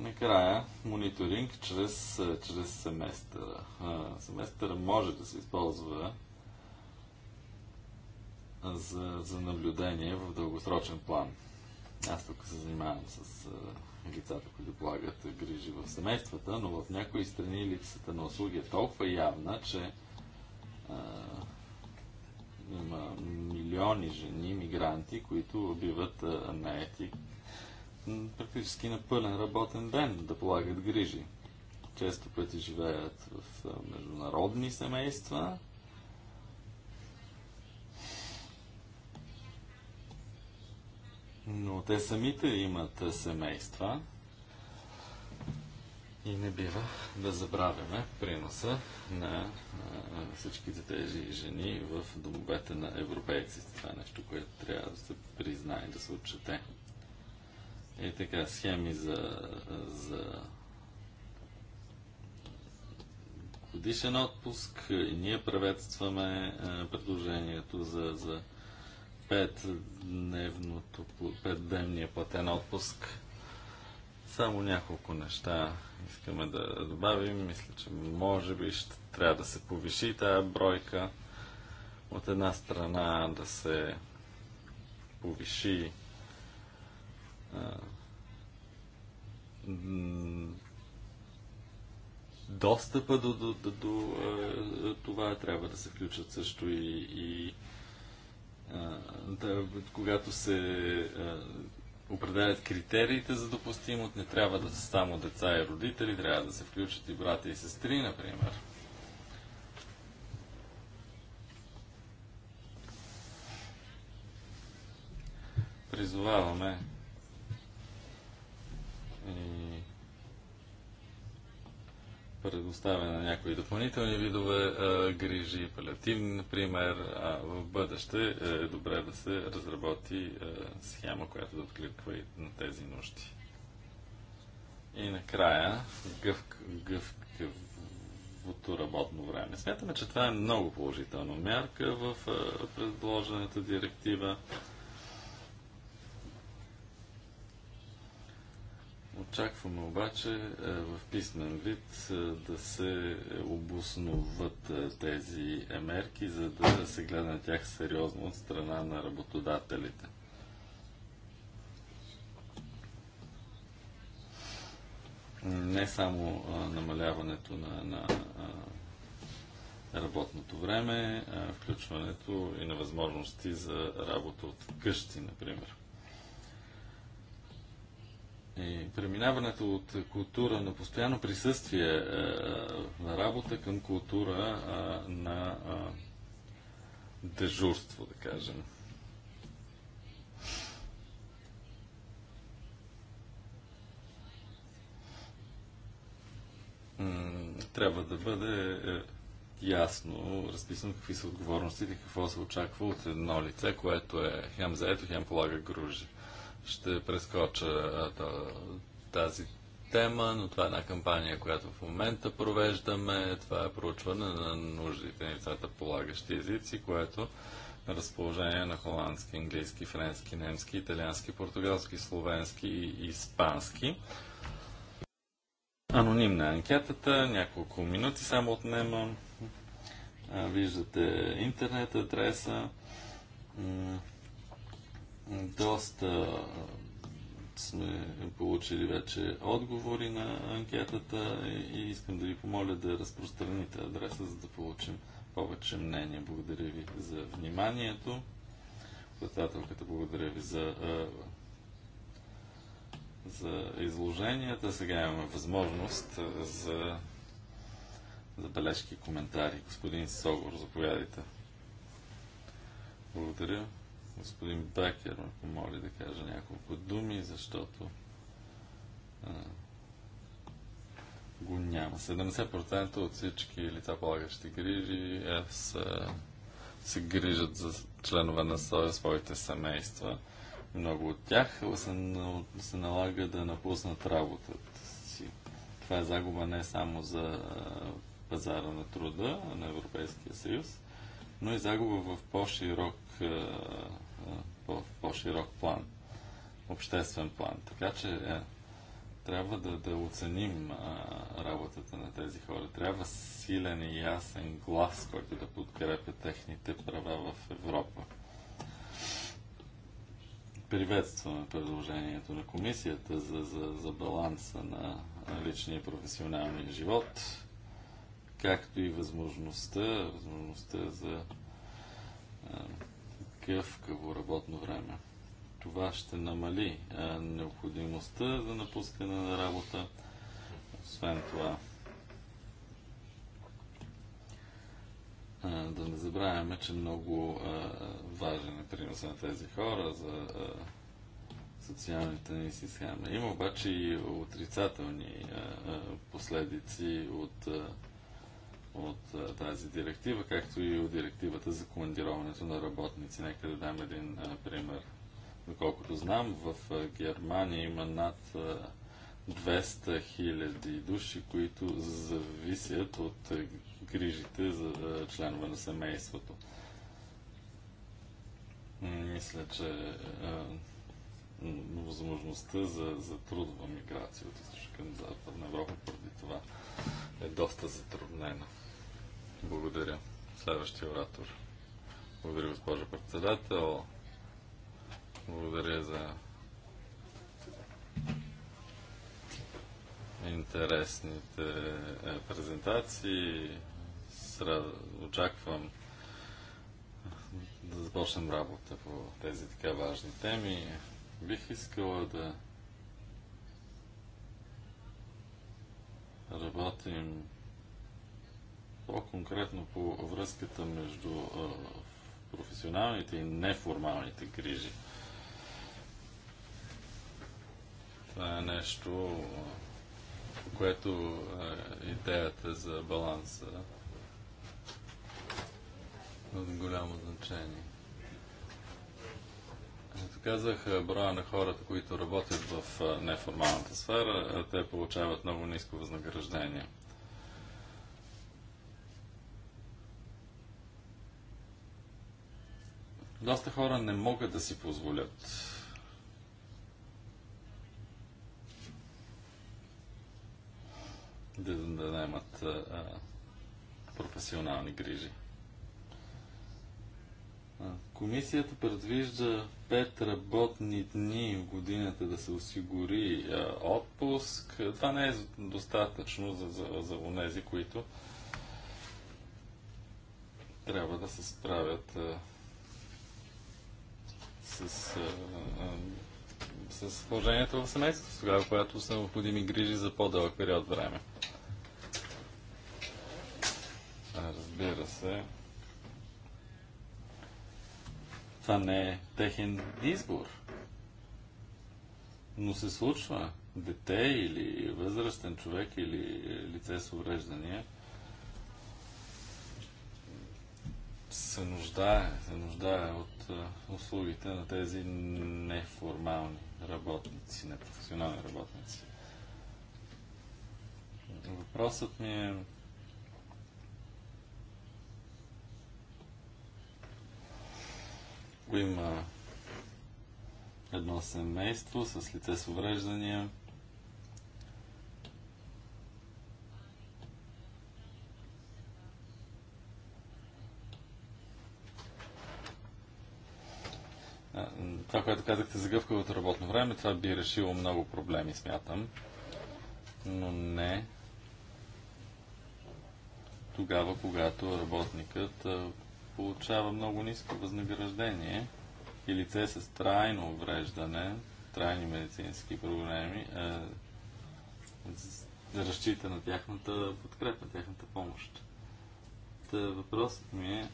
Накрая, мониторинг чрез, е, чрез семестъра. Семестъра може да се използва за, за наблюдение в дългосрочен план. Аз тук се занимавам с е, лицата, които полагат грижи в семействата, но в някои страни липсата на услуги е толкова явна, че а, е, има милиони жени, мигранти, които биват наети практически на пълен работен ден да полагат грижи. Често пъти живеят в международни семейства. Но те самите имат семейства. И не бива да забравяме приноса на всичките тези жени в домовете на европейците. Това е нещо, което трябва да се признае, да се отчете. И така, схеми за, за годишен отпуск. И ние приветстваме е, предложението за, за 5-дневното, 5-дневния платен отпуск. Само няколко неща искаме да добавим. Мисля, че може би ще трябва да се повиши тази бройка. От една страна да се повиши достъпа до, до, до, до това трябва да се включат също и, и да, когато се определят критериите за допустимост, не трябва да са само деца и родители, трябва да се включат и брата и сестри, например. Призоваваме и предоставя на някои допълнителни видове а, грижи, палиативни, например. А в бъдеще е добре да се разработи а, схема, която да откликва и на тези нужди. И накрая, гъвк, гъвкавото работно време. Смятаме, че това е много положителна мярка в а, предложената директива. Очакваме обаче е, в писмен вид е, да се обосноват е, тези мерки, за да се гледа на тях сериозно от страна на работодателите. Не само намаляването на, на работното време, включването и на възможности за работа от къщи, например. И преминаването от култура на постоянно присъствие е, на работа към култура е, на е, дежурство, да кажем. Трябва да бъде ясно разписано какви са отговорностите, какво се очаква от едно лице, което е хем заето, хем полага гружи. Ще прескоча тази тема, но това е една кампания, която в момента провеждаме. Това е проучване на нуждите на лицата полагащи езици, което на разположение на холандски, английски, френски, немски, италиански, португалски, словенски и испански. Анонимна е анкетата, няколко минути само отнема. Виждате интернет адреса. Доста сме получили вече отговори на анкетата и искам да ви помоля да разпространите адреса, за да получим повече мнение. Благодаря ви за вниманието. Председателката, благодаря ви за, за изложенията. Сега имаме възможност за забележки и коментари. Господин Согор, заповядайте. Благодаря господин Бекер ме помоли да кажа няколко думи, защото а, го няма. 70% от всички лица полагащи грижи е, са, се грижат за членове на своя, своите семейства. Много от тях се, се налага да напуснат работата си. Това е загуба не само за пазара на труда на Европейския съюз, но и загуба в по-широк в по-широк план, обществен план. Така че е, трябва да, да оценим а, работата на тези хора. Трябва силен и ясен глас, който да подкрепя техните права в Европа. Приветстваме предложението на комисията за, за, за баланса на личния и професионалния живот, както и възможността, възможността за а, гъвкаво работно време. Това ще намали а, необходимостта за напускане на работа. Освен това, а, да не забравяме, че много а, важен е принос на тези хора за социалните ни схема. Има обаче и отрицателни последици от от а, тази директива, както и от директивата за командироването на работници. Нека да дам един а, пример. Доколкото знам, в а, Германия има над 200 хиляди души, които зависят от грижите за членове на семейството. Мисля, че възможността за, за трудова миграция от източка към Западна Европа преди това е доста затруднена. Благодаря. Следващия оратор. Благодаря, госпожо председател. Благодаря за интересните е, презентации. Сред... Очаквам да започнем работа по тези така важни теми. Бих искала да работим по-конкретно по връзката между професионалните и неформалните грижи. Това е нещо, по което е, идеята за баланса е от голямо значение. Ето казах, броя на хората, които работят в неформалната сфера, те получават много ниско възнаграждение – Доста хора не могат да си позволят да, да наймат професионални грижи. Комисията предвижда 5 работни дни в годината да се осигури отпуск. Това не е достатъчно за, за, за онези, които трябва да се справят А, с, а, с положението в семейството, тогава, когато са необходими грижи за по-дълъг период време. А, разбира се. Това не е техен избор. Но се случва дете или възрастен човек или лице с увреждания – се нуждае, се нуждае от услугите на тези неформални работници, непрофесионални работници. Въпросът ми е има едно семейство с лице с увреждания, това, което казахте за гъвкавото работно време, това би решило много проблеми, смятам. Но не тогава, когато работникът получава много ниско възнаграждение и лице с трайно увреждане, трайни медицински проблеми, е, да разчита на тяхната подкрепа, тяхната помощ. Та въпросът ми е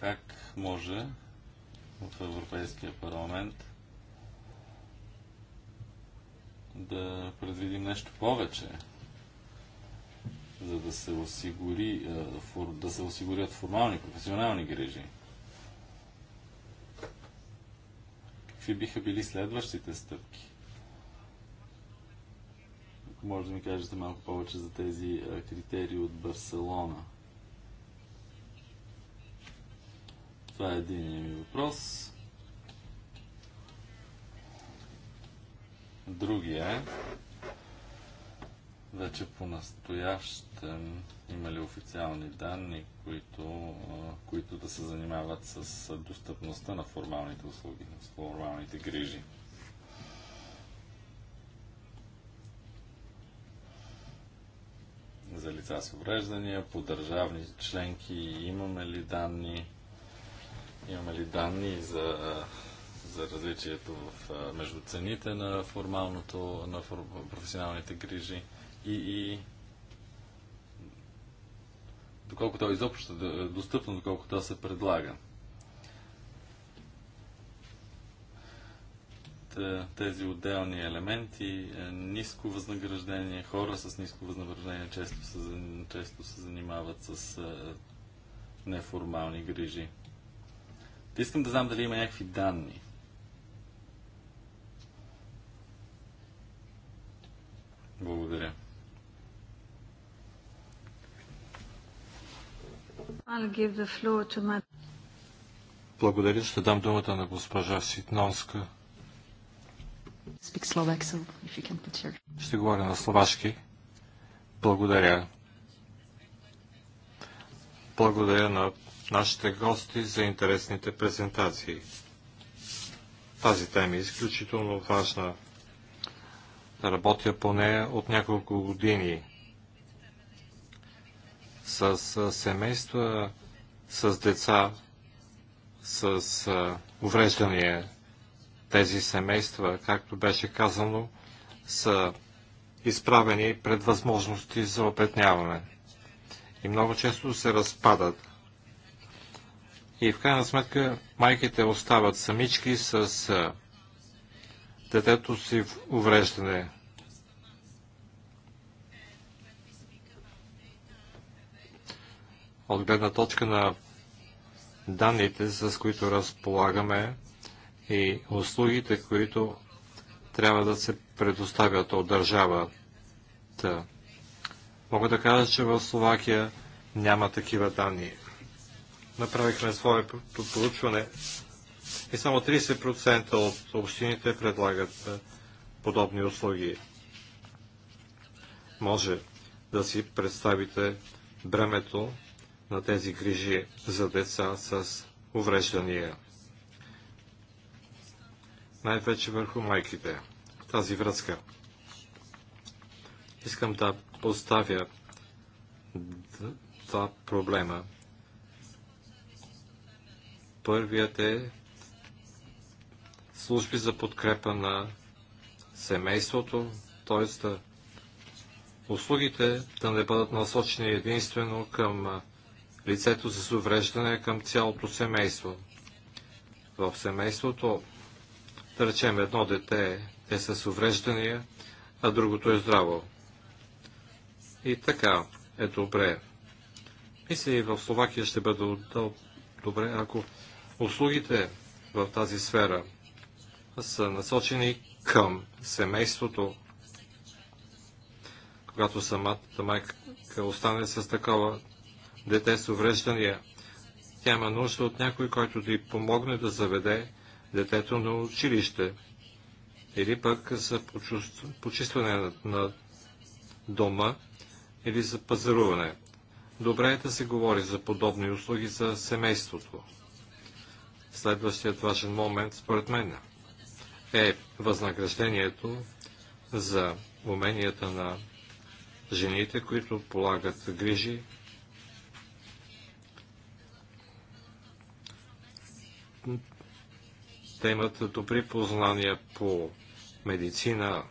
как може в Европейския парламент да предвидим нещо повече, за да се, осигури, да се осигурят формални, професионални грижи. Какви биха били следващите стъпки? Ако може да ми кажете малко повече за тези критерии от Барселона – Това е един ми въпрос. Другия е вече по настоящен има ли официални данни, които, които да се занимават с достъпността на формалните услуги, с формалните грижи? За лица с увреждания, по държавни членки имаме ли данни? Имаме ли данни за, за различието в, между цените на формалното, на фор, професионалните грижи и, и доколко то изобщо е достъпно, доколко то се предлага. тези отделни елементи, е, ниско възнаграждение, хора с ниско възнаграждение често се, често се занимават с е, неформални грижи. Искам да знам дали има някакви данни. Благодаря. My... Благодаря. Ще дам думата на госпожа Ситнонска. Slovak, so your... Ще говоря на словашки. Благодаря. Благодаря на нашите гости за интересните презентации. Тази тема е изключително важна. Да работя по нея от няколко години с семейства, с деца, с увреждания. Тези семейства, както беше казано, са изправени пред възможности за опетняване. И много често се разпадат. И в крайна сметка майките остават самички с детето си в увреждане. От гледна точка на данните, с които разполагаме и услугите, които трябва да се предоставят от държавата. Мога да кажа, че в Словакия няма такива данни направихме своето проучване и само 30% от общините предлагат подобни услуги. Може да си представите бремето на тези грижи за деца с увреждания. Най-вече върху майките. В тази връзка искам да поставя два проблема – Първият е служби за подкрепа на семейството, т.е. да услугите да не бъдат насочени единствено към лицето с увреждане, към цялото семейство. В семейството, да речем, едно дете е с увреждания, а другото е здраво. И така е добре. Мисля и в Словакия ще бъде добре, ако Услугите в тази сфера са насочени към семейството, когато самата майка остане с такова дете с увреждания. Тя има нужда от някой, който да й помогне да заведе детето на училище или пък за почистване на, дома или за пазаруване. Добре е да се говори за подобни услуги за семейството. Следващият важен момент, според мен, е възнаграждението за уменията на жените, които полагат грижи те имат добри познания по медицина,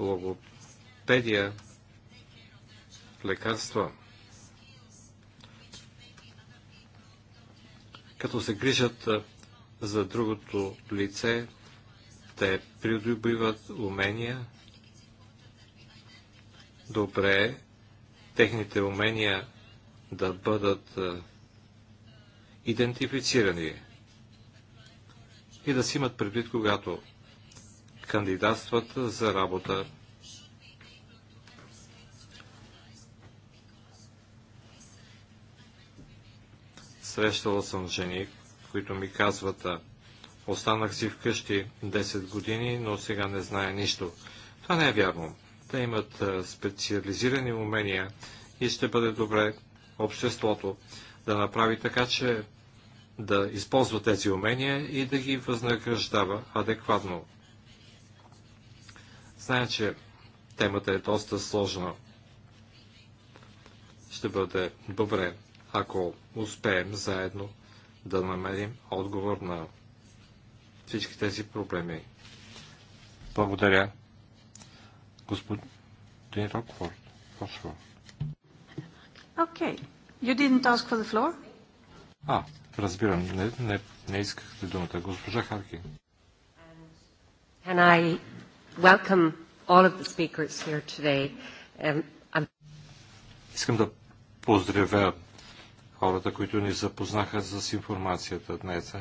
логопедия, лекарства. като се грижат за другото лице, те придобиват умения. Добре е техните умения да бъдат идентифицирани и да си имат предвид, когато кандидатстват за работа Срещала съм жени, които ми казват, останах си вкъщи 10 години, но сега не зная нищо. Това не е вярно. Те имат специализирани умения и ще бъде добре обществото да направи така, че да използва тези умения и да ги възнаграждава адекватно. Зная, че темата е доста сложна. Ще бъде добре ако успеем заедно да намерим отговор на всички тези проблеми. Благодаря. Господин Рокфорд, прошу. Окей. You didn't ask for the floor? А, разбирам. Не, не, не искахте думата. Госпожа Харки. Can I welcome all of the speakers here today? Um, I'm... Искам да поздравя хората, които ни запознаха с информацията днес.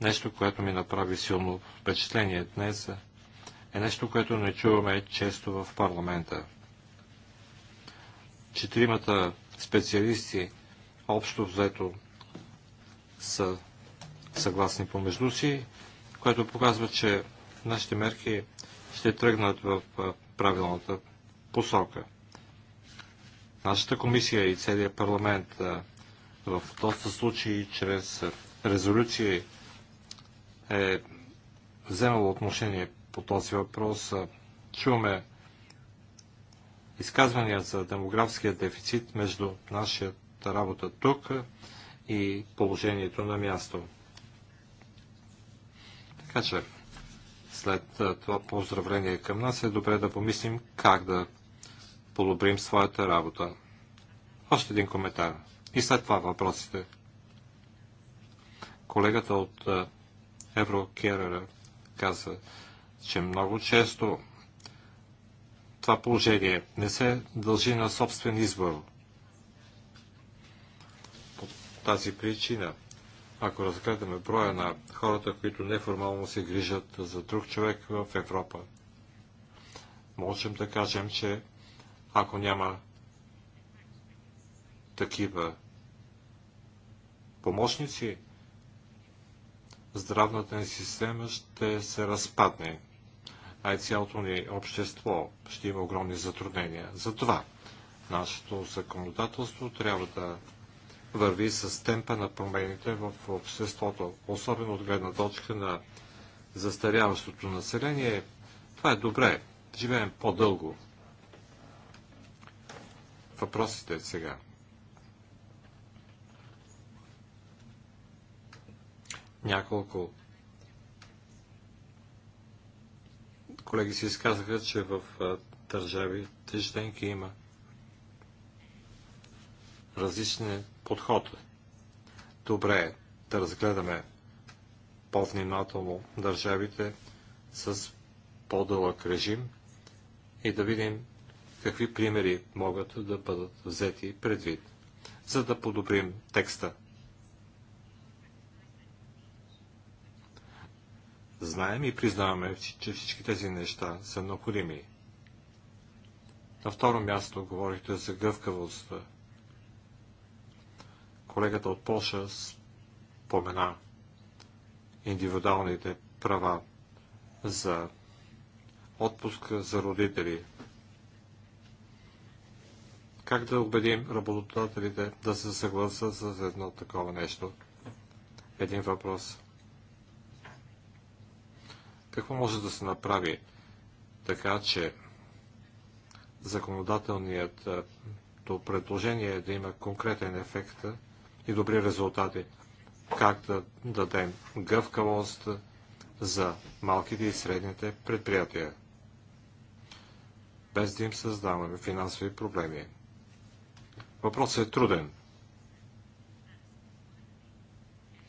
Нещо, което ми направи силно впечатление днес е нещо, което не чуваме често в парламента. Четиримата специалисти общо взето са съгласни помежду си, което показва, че нашите мерки ще тръгнат в правилната посока – нашата комисия и целият парламент в доста случаи чрез резолюции е вземало отношение по този въпрос. Чуваме изказвания за демографския дефицит между нашата работа тук и положението на място. Така че, след това поздравление към нас е добре да помислим как да подобрим своята работа. Още един коментар. И след това въпросите. Колегата от е, Еврокерера каза, че много често това положение не се дължи на собствен избор. По тази причина, ако разгледаме броя на хората, които неформално се грижат за друг човек в Европа, можем да кажем, че ако няма такива помощници, здравната ни система ще се разпадне, а и цялото ни общество ще има огромни затруднения. Затова нашето законодателство трябва да върви с темпа на промените в обществото, особено от гледна точка на застаряващото население. Това е добре. Живеем по-дълго въпросите сега. Няколко колеги си изказаха, че в държавите членки има различни подходи. Добре е да разгледаме по-внимателно държавите с по-дълъг режим и да видим какви примери могат да бъдат взети предвид, за да подобрим текста. Знаем и признаваме, че всички тези неща са необходими. На второ място говорихте за гъвкавост. Колегата от Польша спомена индивидуалните права за отпуск за родители как да убедим работодателите да се съгласат с едно такова нещо? Един въпрос. Какво може да се направи така, че законодателният то предложение е да има конкретен ефект и добри резултати. Как да дадем гъвкавост за малките и средните предприятия, без да им създаваме финансови проблеми. Въпросът е труден.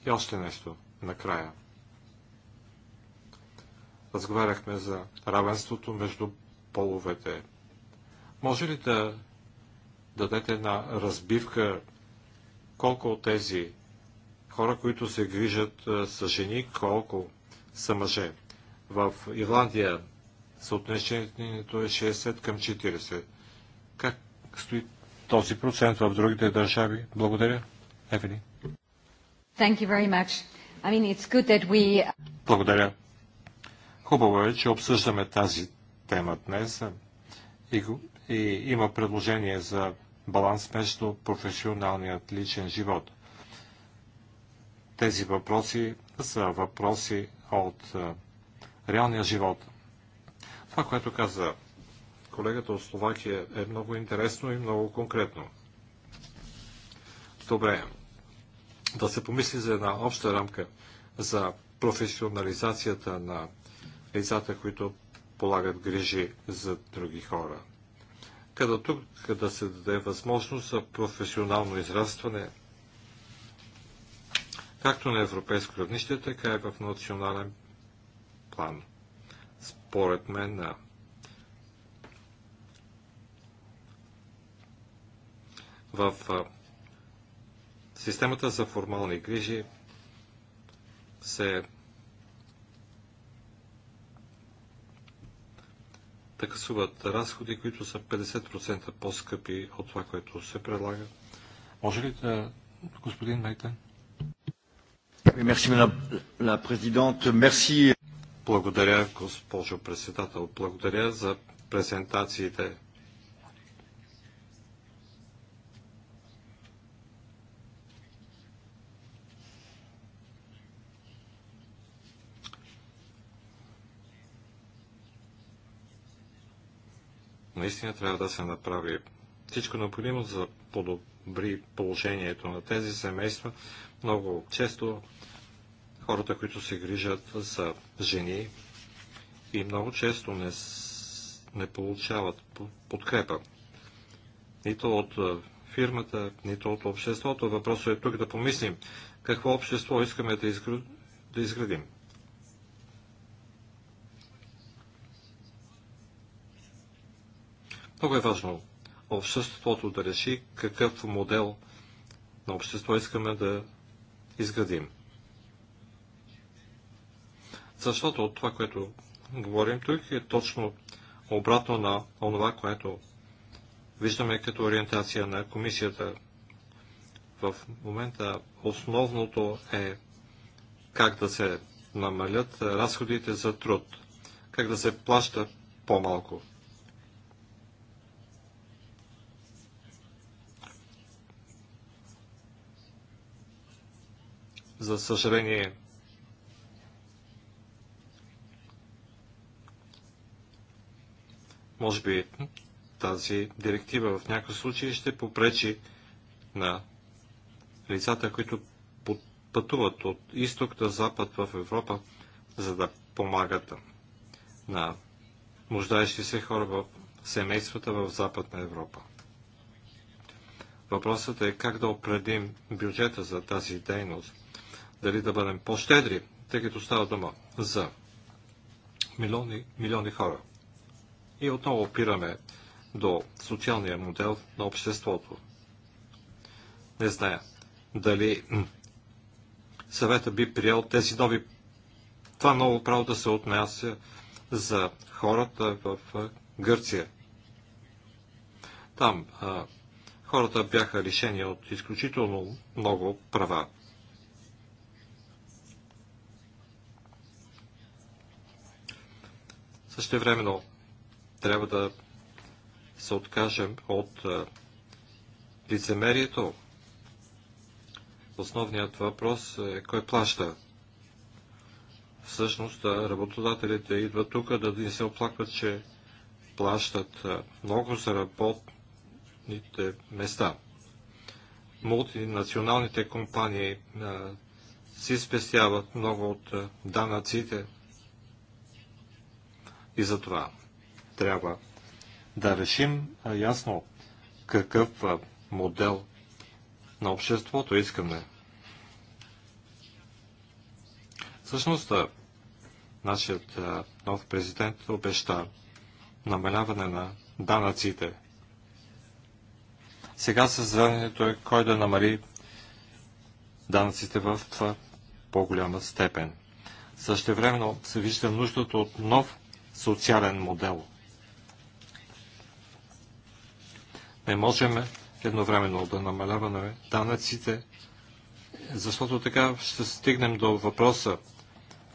И още нещо накрая. Разговаряхме за равенството между половете. Може ли да дадете една разбивка колко от тези хора, които се грижат са жени, колко са мъже? В Ирландия съотношението е 60 към 40. Как стои този процент в другите държави. Благодаря. Евелин. Thank you very much. I mean, it's good that we... Благодаря. Хубаво е, че обсъждаме тази тема днес и, и има предложение за баланс между професионалният личен живот. Тези въпроси са въпроси от реалния живот. Това, което каза колегата от Словакия е много интересно и много конкретно. Добре, да се помисли за една обща рамка за професионализацията на лицата, които полагат грижи за други хора. Като тук да се даде възможност за професионално израстване, както на европейско равнище, така и в национален план. Според мен, на. в системата за формални грижи се таксуват разходи, които са 50% по-скъпи от това, което се предлага. Може ли да, господин Мейтен? Благодаря, госпожо председател. Благодаря за презентациите. Наистина трябва да се направи всичко необходимо за подобри положението на тези семейства. Много често хората, които се грижат за жени и много често не, не получават подкрепа. Нито от фирмата, нито от обществото. Въпросът е тук да помислим какво общество искаме да изградим. Много е важно обществото да реши какъв модел на общество искаме да изградим. Защото от това, което говорим тук, е точно обратно на това, което виждаме като ориентация на комисията. В момента основното е как да се намалят разходите за труд, как да се плаща по-малко. За съжаление, може би тази директива в някакъв случай ще попречи на лицата, които пътуват от изток на запад в Европа, за да помагат на нуждаещи се хора в семействата в Западна Европа. Въпросът е как да определим бюджета за тази дейност – дали да бъдем по-щедри, тъй като става дума за милиони, милиони хора. И отново опираме до социалния модел на обществото. Не зная дали съвета би приел тези нови, това ново право да се отнася за хората в Гърция. Там а, хората бяха лишени от изключително много права. Също времено трябва да се откажем от лицемерието. Основният въпрос е кой плаща. Всъщност работодателите идват тук да ни се оплакват, че плащат много за работните места. Мултинационалните компании си спестяват много от данъците, и затова трябва да решим ясно какъв модел на обществото искаме. Всъщност, нашият нов президент обеща намаляване на данъците. Сега създанието е кой да намали данъците в по-голяма степен. времено се вижда нуждата от нов социален модел. Не можем едновременно да намаляваме данъците, защото така ще стигнем до въпроса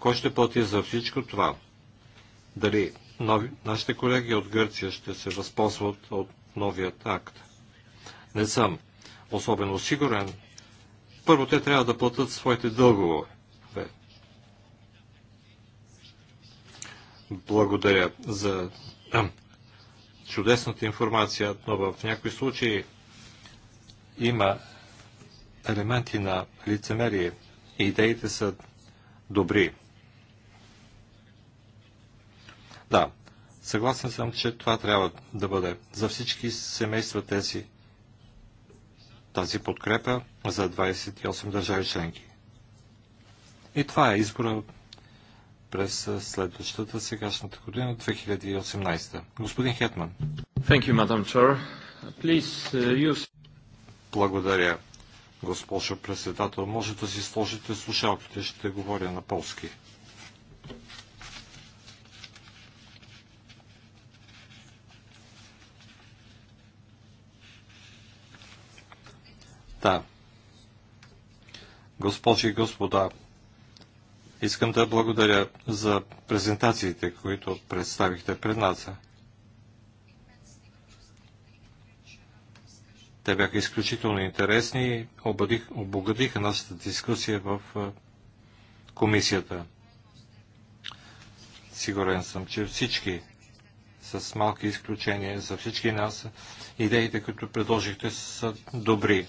кой ще плати за всичко това. Дали нови, нашите колеги от Гърция ще се възползват от новият акт. Не съм особено сигурен. Първо те трябва да платят своите дългове. Благодаря за а, чудесната информация, но в някои случаи има елементи на лицемерие. Идеите са добри. Да, съгласен съм, че това трябва да бъде за всички семейства тези тази подкрепа за 28 държави членки. И това е избора през следващата сегашната година 2018. Господин Хетман. Thank you, Madam Chair. Please uh, use... Благодаря, госпожо председател. Може да си сложите слушалките, ще говоря на полски. Да. Госпожи и господа, Искам да благодаря за презентациите, които представихте пред нас. Те бяха изключително интересни и обогатиха нашата дискусия в комисията. Сигурен съм, че всички, с малки изключения за всички нас, идеите, които предложихте, са добри.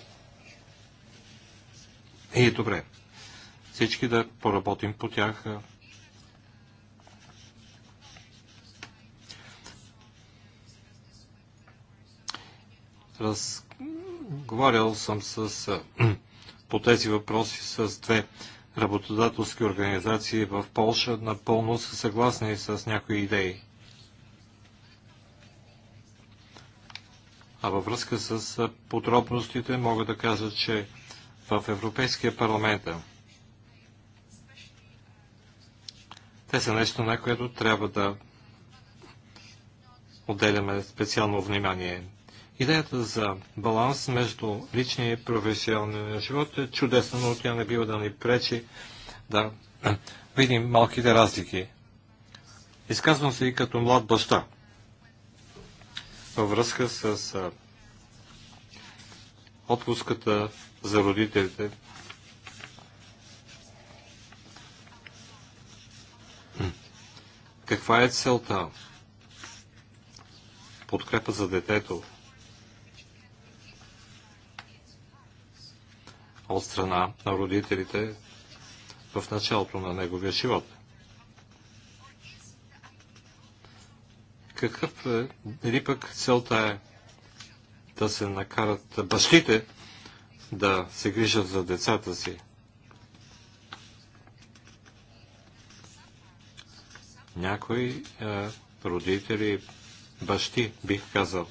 И добре всички да поработим по тях. Разговарял съм с, по тези въпроси с две работодателски организации в Польша. Напълно са съгласни с някои идеи. А във връзка с подробностите мога да кажа, че в Европейския парламент Те са нещо, на което трябва да отделяме специално внимание. Идеята за баланс между личния и професионалния живот е чудесна, но тя не бива да ни пречи да видим малките разлики. Изказвам се и като млад баща във връзка с отпуската за родителите Каква е целта? Подкрепа за детето. От страна на родителите в началото на неговия живот. Какъв е, или пък целта е да се накарат бащите да се грижат за децата си. Някои е, родители, бащи, бих казал,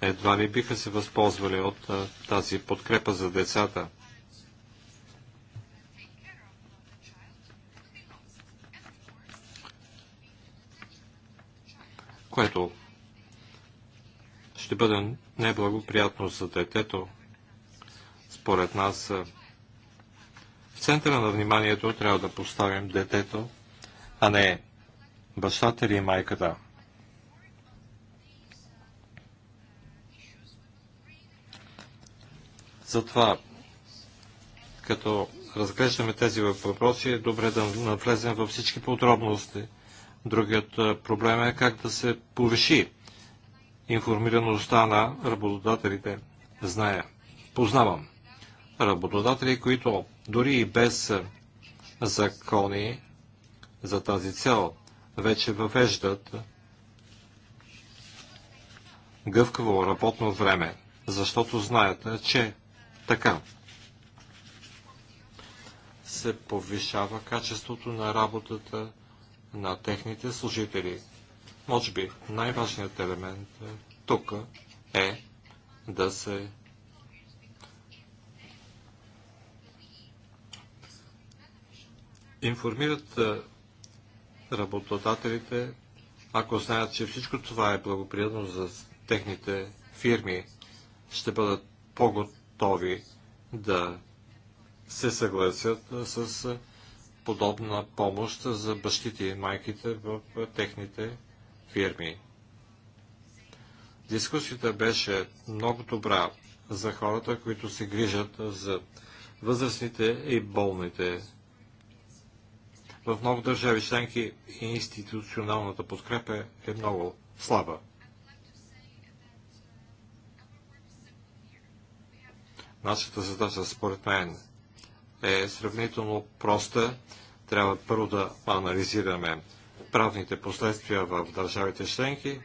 едва ли биха се възползвали от е, тази подкрепа за децата. Което ще бъде неблагоприятно за детето. Според нас е, в центъра на вниманието трябва да поставим детето, а не бащата или майката. Затова, като разглеждаме тези въпроси, е добре да навлезем във всички подробности. Другият проблем е как да се повиши информираността на работодателите. Зная, познавам работодатели, които дори и без закони за тази цел вече въвеждат гъвкаво работно време, защото знаят, че така се повишава качеството на работата на техните служители. Може би най-важният елемент тук е да се информират работодателите, ако знаят, че всичко това е благоприятно за техните фирми, ще бъдат по-готови да се съгласят с подобна помощ за бащите и майките в техните фирми. Дискусията беше много добра за хората, които се грижат за възрастните и болните в много държави членки институционалната подкрепа е много слаба. Нашата задача, според мен, е сравнително проста. Трябва първо да анализираме правните последствия в държавите членки,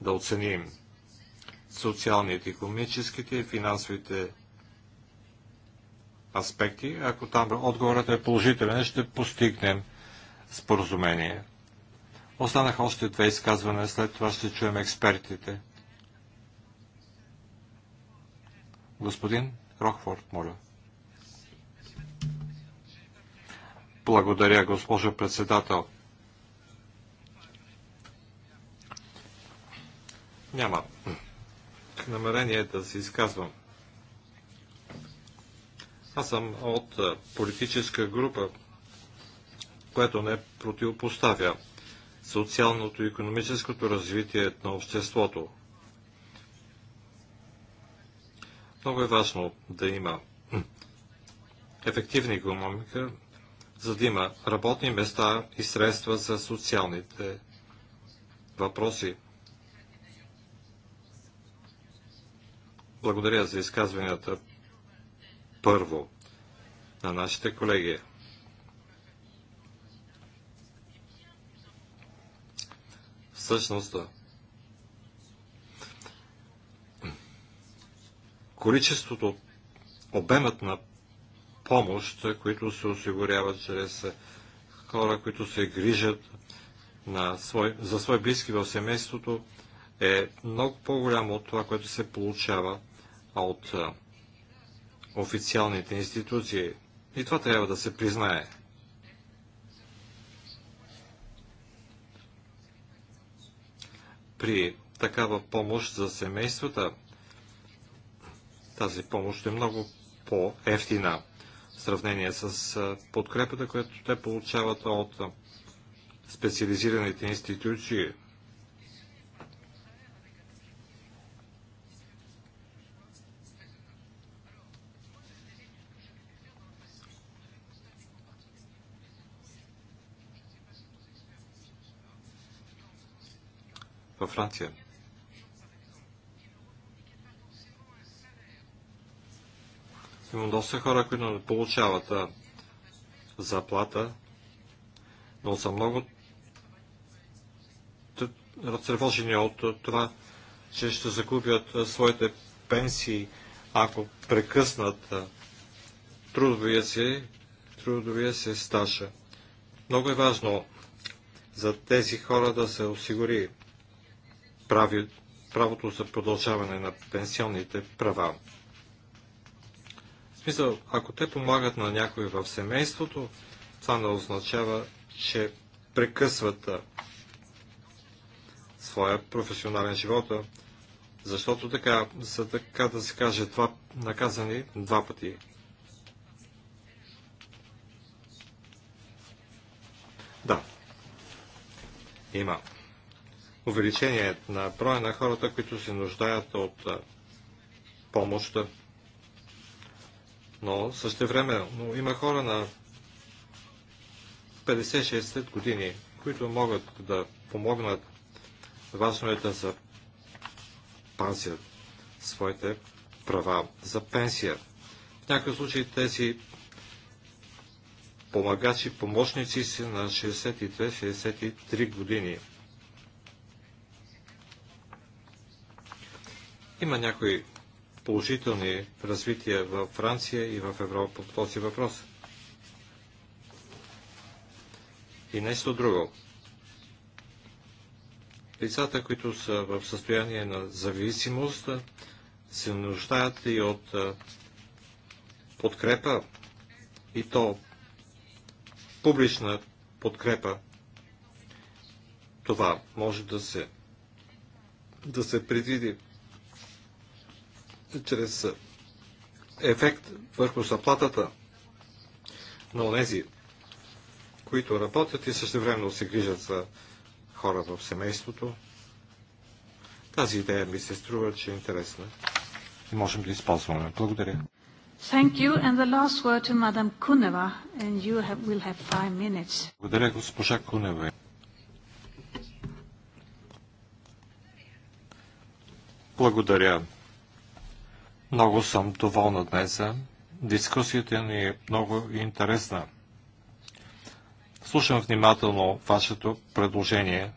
да оценим социалните, економическите и финансовите аспекти. Ако там отговорът е положителен, ще постигнем споразумение. Останаха още две изказване, след това ще чуем експертите. Господин Рохфорд, моля. Благодаря, госпожо председател. Няма намерение да се изказвам. Аз съм от политическа група, която не противопоставя социалното и економическото развитие на обществото. Много е важно да има ефективна економика, за да има работни места и средства за социалните въпроси. Благодаря за изказванията първо на нашите колеги. Всъщност, количеството, обемът на помощ, които се осигуряват чрез хора, които се грижат на свой, за свои близки в семейството, е много по-голямо от това, което се получава от официалните институции. И това трябва да се признае. При такава помощ за семействата, тази помощ е много по-ефтина в сравнение с подкрепата, която те получават от специализираните институции – във Франция. Има доста хора, които не получават а, заплата, но са много разтревожени от това, че ще загубят своите пенсии, ако прекъснат трудовия си, трудовия си стаж. Много е важно за тези хора да се осигури прави, правото за продължаване на пенсионните права. В смисъл, ако те помагат на някой в семейството, това не означава, че прекъсват своя професионален живот, защото така, за така да се каже, това наказани два пъти. Да. Има увеличение на броя на хората, които се нуждаят от помощ. Но също време но има хора на 50-60 години, които могат да помогнат. Важно е да запазят своите права за пенсия. В някакъв случаи тези помагачи, помощници са на 62-63 години. Има някои положителни развития в Франция и в Европа по този въпрос. И нещо друго. Лицата, които са в състояние на зависимост, се нуждаят и от подкрепа, и то публична подкрепа. Това може да се, да се предвиди чрез ефект върху заплатата на тези, които работят и също същевременно се грижат за хора в семейството. Тази идея ми се струва, че е интересна и можем да използваме. Благодаря. Thank you. And the last word to Madam Kuneva, and you have, will have five minutes. Благодаря, госпожа Кунева. Благодаря. Много съм доволна днес. Дискусията ни е много интересна. Слушам внимателно вашето предложение.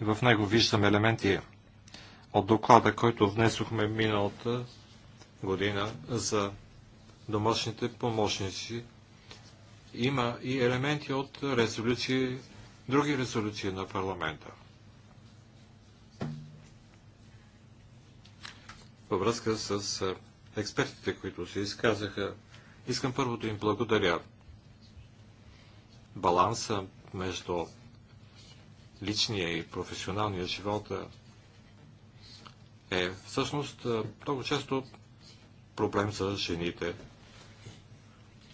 И в него виждам елементи от доклада, който внесохме миналата година за домашните помощници. Има и елементи от резолюции, други резолюции на парламента. във връзка с експертите, които се изказаха. Искам първо да им благодаря. Баланса между личния и професионалния живот е всъщност много често проблем за жените.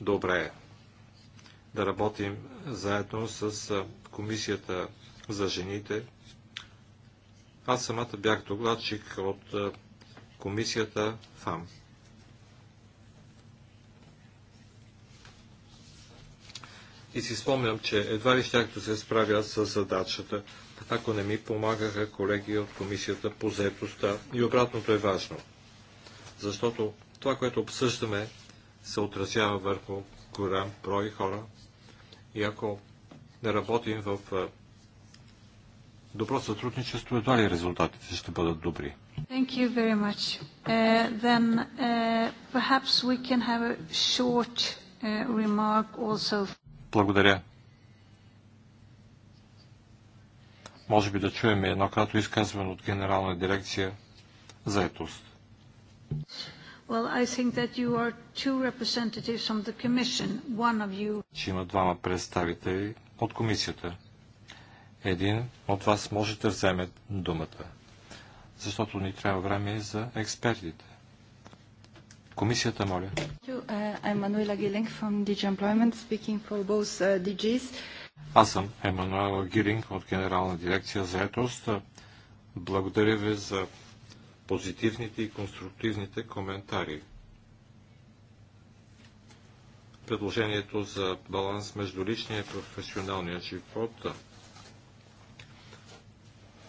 Добре е да работим заедно с Комисията за жените. Аз самата бях докладчик от комисията ФАМ. И си спомням, че едва ли щях да се справя с задачата, ако не ми помагаха колеги от комисията по заедостта. И обратното е важно, защото това, което обсъждаме, се отразява върху голям брой хора. И ако не работим в добро сътрудничество, едва ли резултатите ще бъдат добри. Thank you very much. Uh, then uh, perhaps we can have a short uh, remark also. Благодаря. Може би да чуем едно кратко изказване от Генерална дирекция заетост. Well, I think that you are two representatives from the commission, one of you. Ще има двама представители от комисията. Един от вас може да вземе думата защото ни трябва време за експертите. Комисията, моля. Uh, uh, Аз съм Емануела Гиринг от Генерална дирекция за етост. Благодаря ви за позитивните и конструктивните коментари. Предложението за баланс между личния и професионалния живот –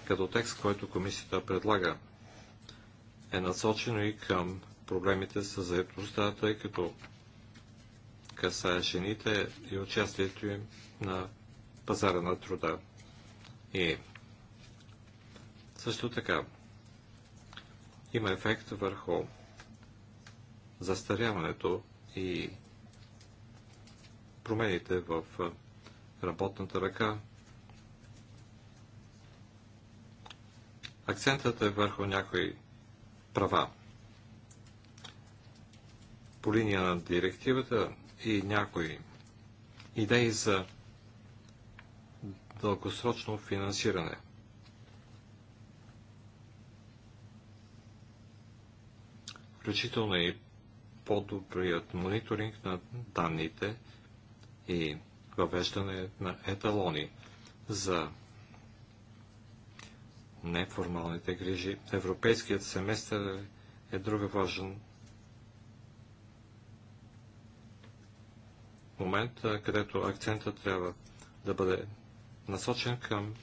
като текст, който комисията предлага, е насочено и към проблемите с заедността, тъй като касае жените и участието им на пазара на труда. И също така има ефект върху застаряването и промените в работната ръка, Акцентът е върху някои права по линия на директивата и някои идеи за дългосрочно финансиране. Включително и по-добрият мониторинг на данните и въвеждане на еталони за неформалните грижи. Европейският семестър е друг важен момент, където акцента трябва да бъде насочен към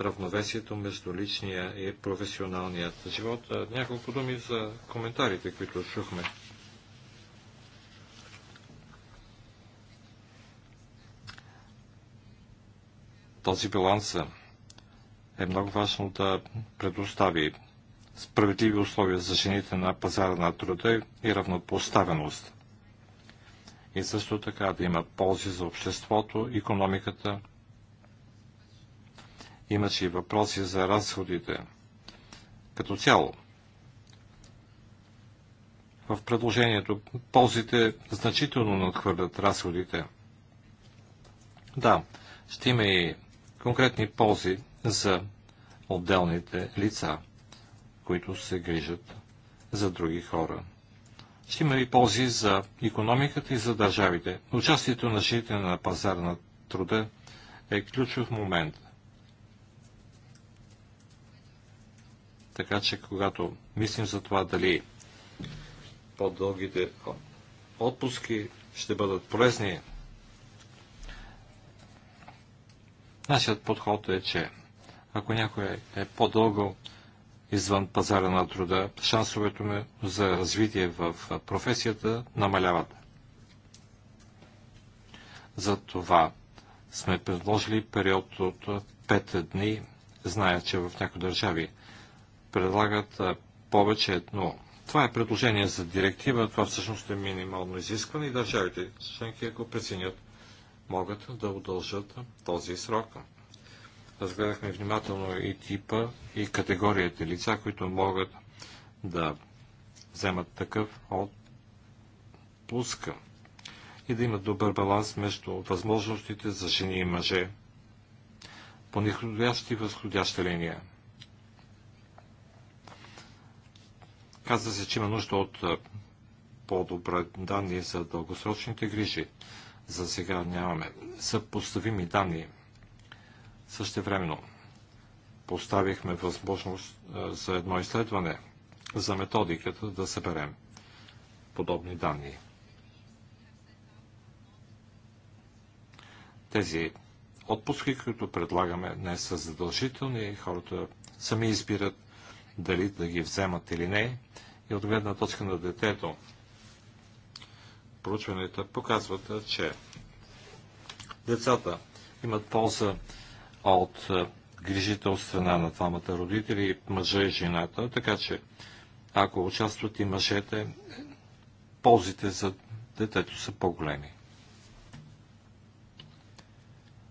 равновесието между личния и професионалният живот. Няколко думи за коментарите, които чухме. Този баланс е много важно да предостави справедливи условия за жените на пазара на труда и равнопоставеност. И също така да има ползи за обществото, економиката. Имаше и въпроси за разходите. Като цяло, в предложението ползите значително надхвърлят разходите. Да, ще има и конкретни ползи за отделните лица, които се грижат за други хора. Ще има и ползи за економиката и за държавите. Участието на жените на пазар на труда е ключов момент. Така че, когато мислим за това дали по-дългите отпуски ще бъдат полезни, нашият подход е, че ако някой е по-дълго извън пазара на труда, шансовете му за развитие в професията намаляват. Затова сме предложили период от 5 дни. Зная, че в някои държави предлагат повече, но това е предложение за директива, това всъщност е минимално изискване и държавите членки, ако преценят, могат да удължат този срок. Разгледахме внимателно и типа, и категорията лица, които могат да вземат такъв отпуска и да имат добър баланс между възможностите за жени и мъже по нисходящи и възходяща линия. Каза се, че има нужда от по добра данни за дългосрочните грижи. За сега нямаме съпоставими данни – Същевременно поставихме възможност за едно изследване за методиката да съберем подобни данни. Тези отпуски, които предлагаме не са задължителни, хората сами избират дали да ги вземат или не. И от гледна точка на детето, проучванията показват, че децата имат полза от грижителствена от на двамата родители, мъжа и жената, така че ако участват и мъжете, ползите за детето са по-големи.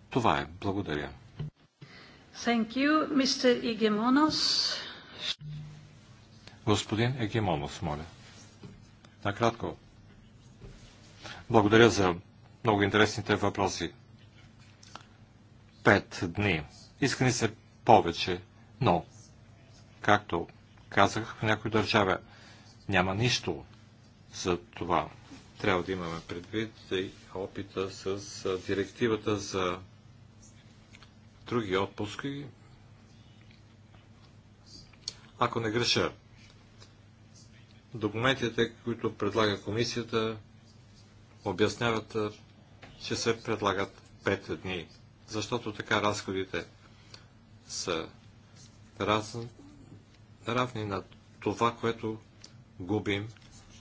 Това е. Благодаря. Thank you, Mr. Игемонос. Господин Егемонос, моля. Накратко. Благодаря за много интересните въпроси пет дни. Иска ни се повече, но, както казах, в някои държава няма нищо за това. Трябва да имаме предвид и опита с директивата за други отпуски. Ако не греша, документите, които предлага комисията, обясняват, че се предлагат 5 дни защото така разходите са раз, равни на това, което губим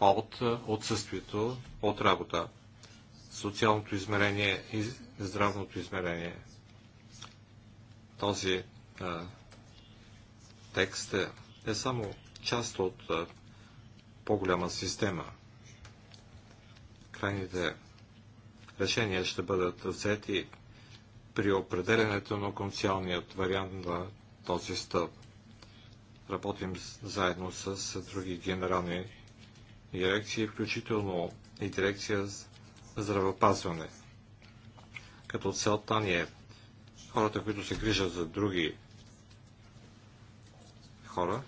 от отсъствието от работа. Социалното измерение и здравното измерение. Този а, текст е, е само част от по-голяма система. Крайните решения ще бъдат взети при определенето на окончалният вариант на този стъп. Работим заедно с други генерални дирекции, включително и дирекция здравеопазване. Като целта ни е хората, които се грижат за други хора,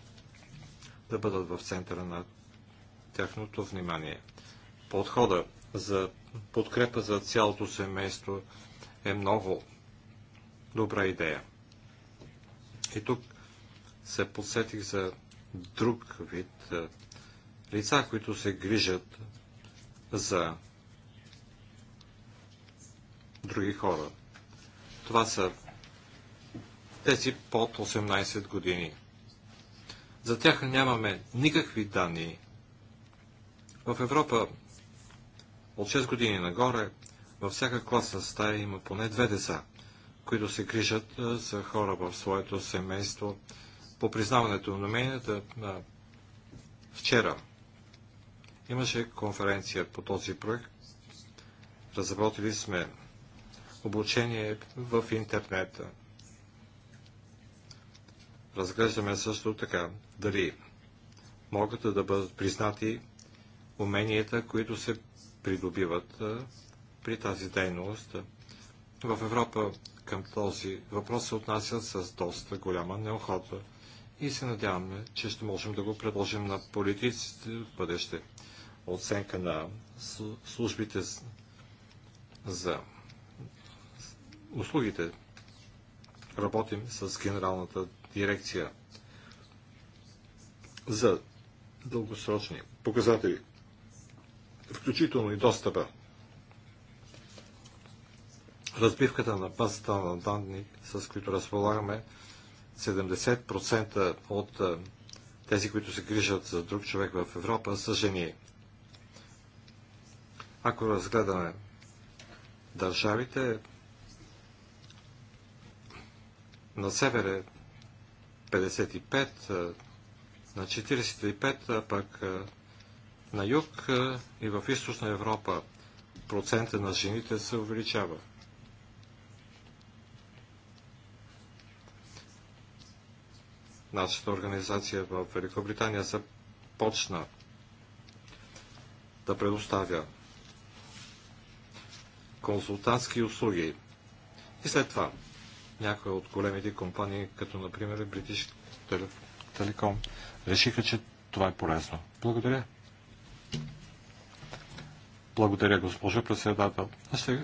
да бъдат в центъра на тяхното внимание. Подхода за подкрепа за цялото семейство е много добра идея. И тук се подсетих за друг вид е, лица, които се грижат за други хора. Това са тези под 18 години. За тях нямаме никакви данни. В Европа от 6 години нагоре във всяка класна стая има поне две деца които се грижат за хора в своето семейство. По признаването на уменията. вчера имаше конференция по този проект. Разработили сме обучение в интернета. Разглеждаме също така дали могат да бъдат признати уменията, които се придобиват при тази дейност. В Европа към този въпрос се отнасят с доста голяма неохота и се надяваме, че ще можем да го предложим на политиците в бъдеще. Оценка на службите за услугите. Работим с генералната дирекция за дългосрочни показатели, включително и достъпа разбивката на базата на данни, с които разполагаме, 70% от тези, които се грижат за друг човек в Европа, са жени. Ако разгледаме държавите, на север е 55, на 45, а пък на юг и в източна Европа процента на жените се увеличава. нашата организация в Великобритания започна да предоставя консултантски услуги. И след това някои от големите компании, като например British Telecom, решиха, че това е полезно. Благодаря. Благодаря, госпожо председател. Ще,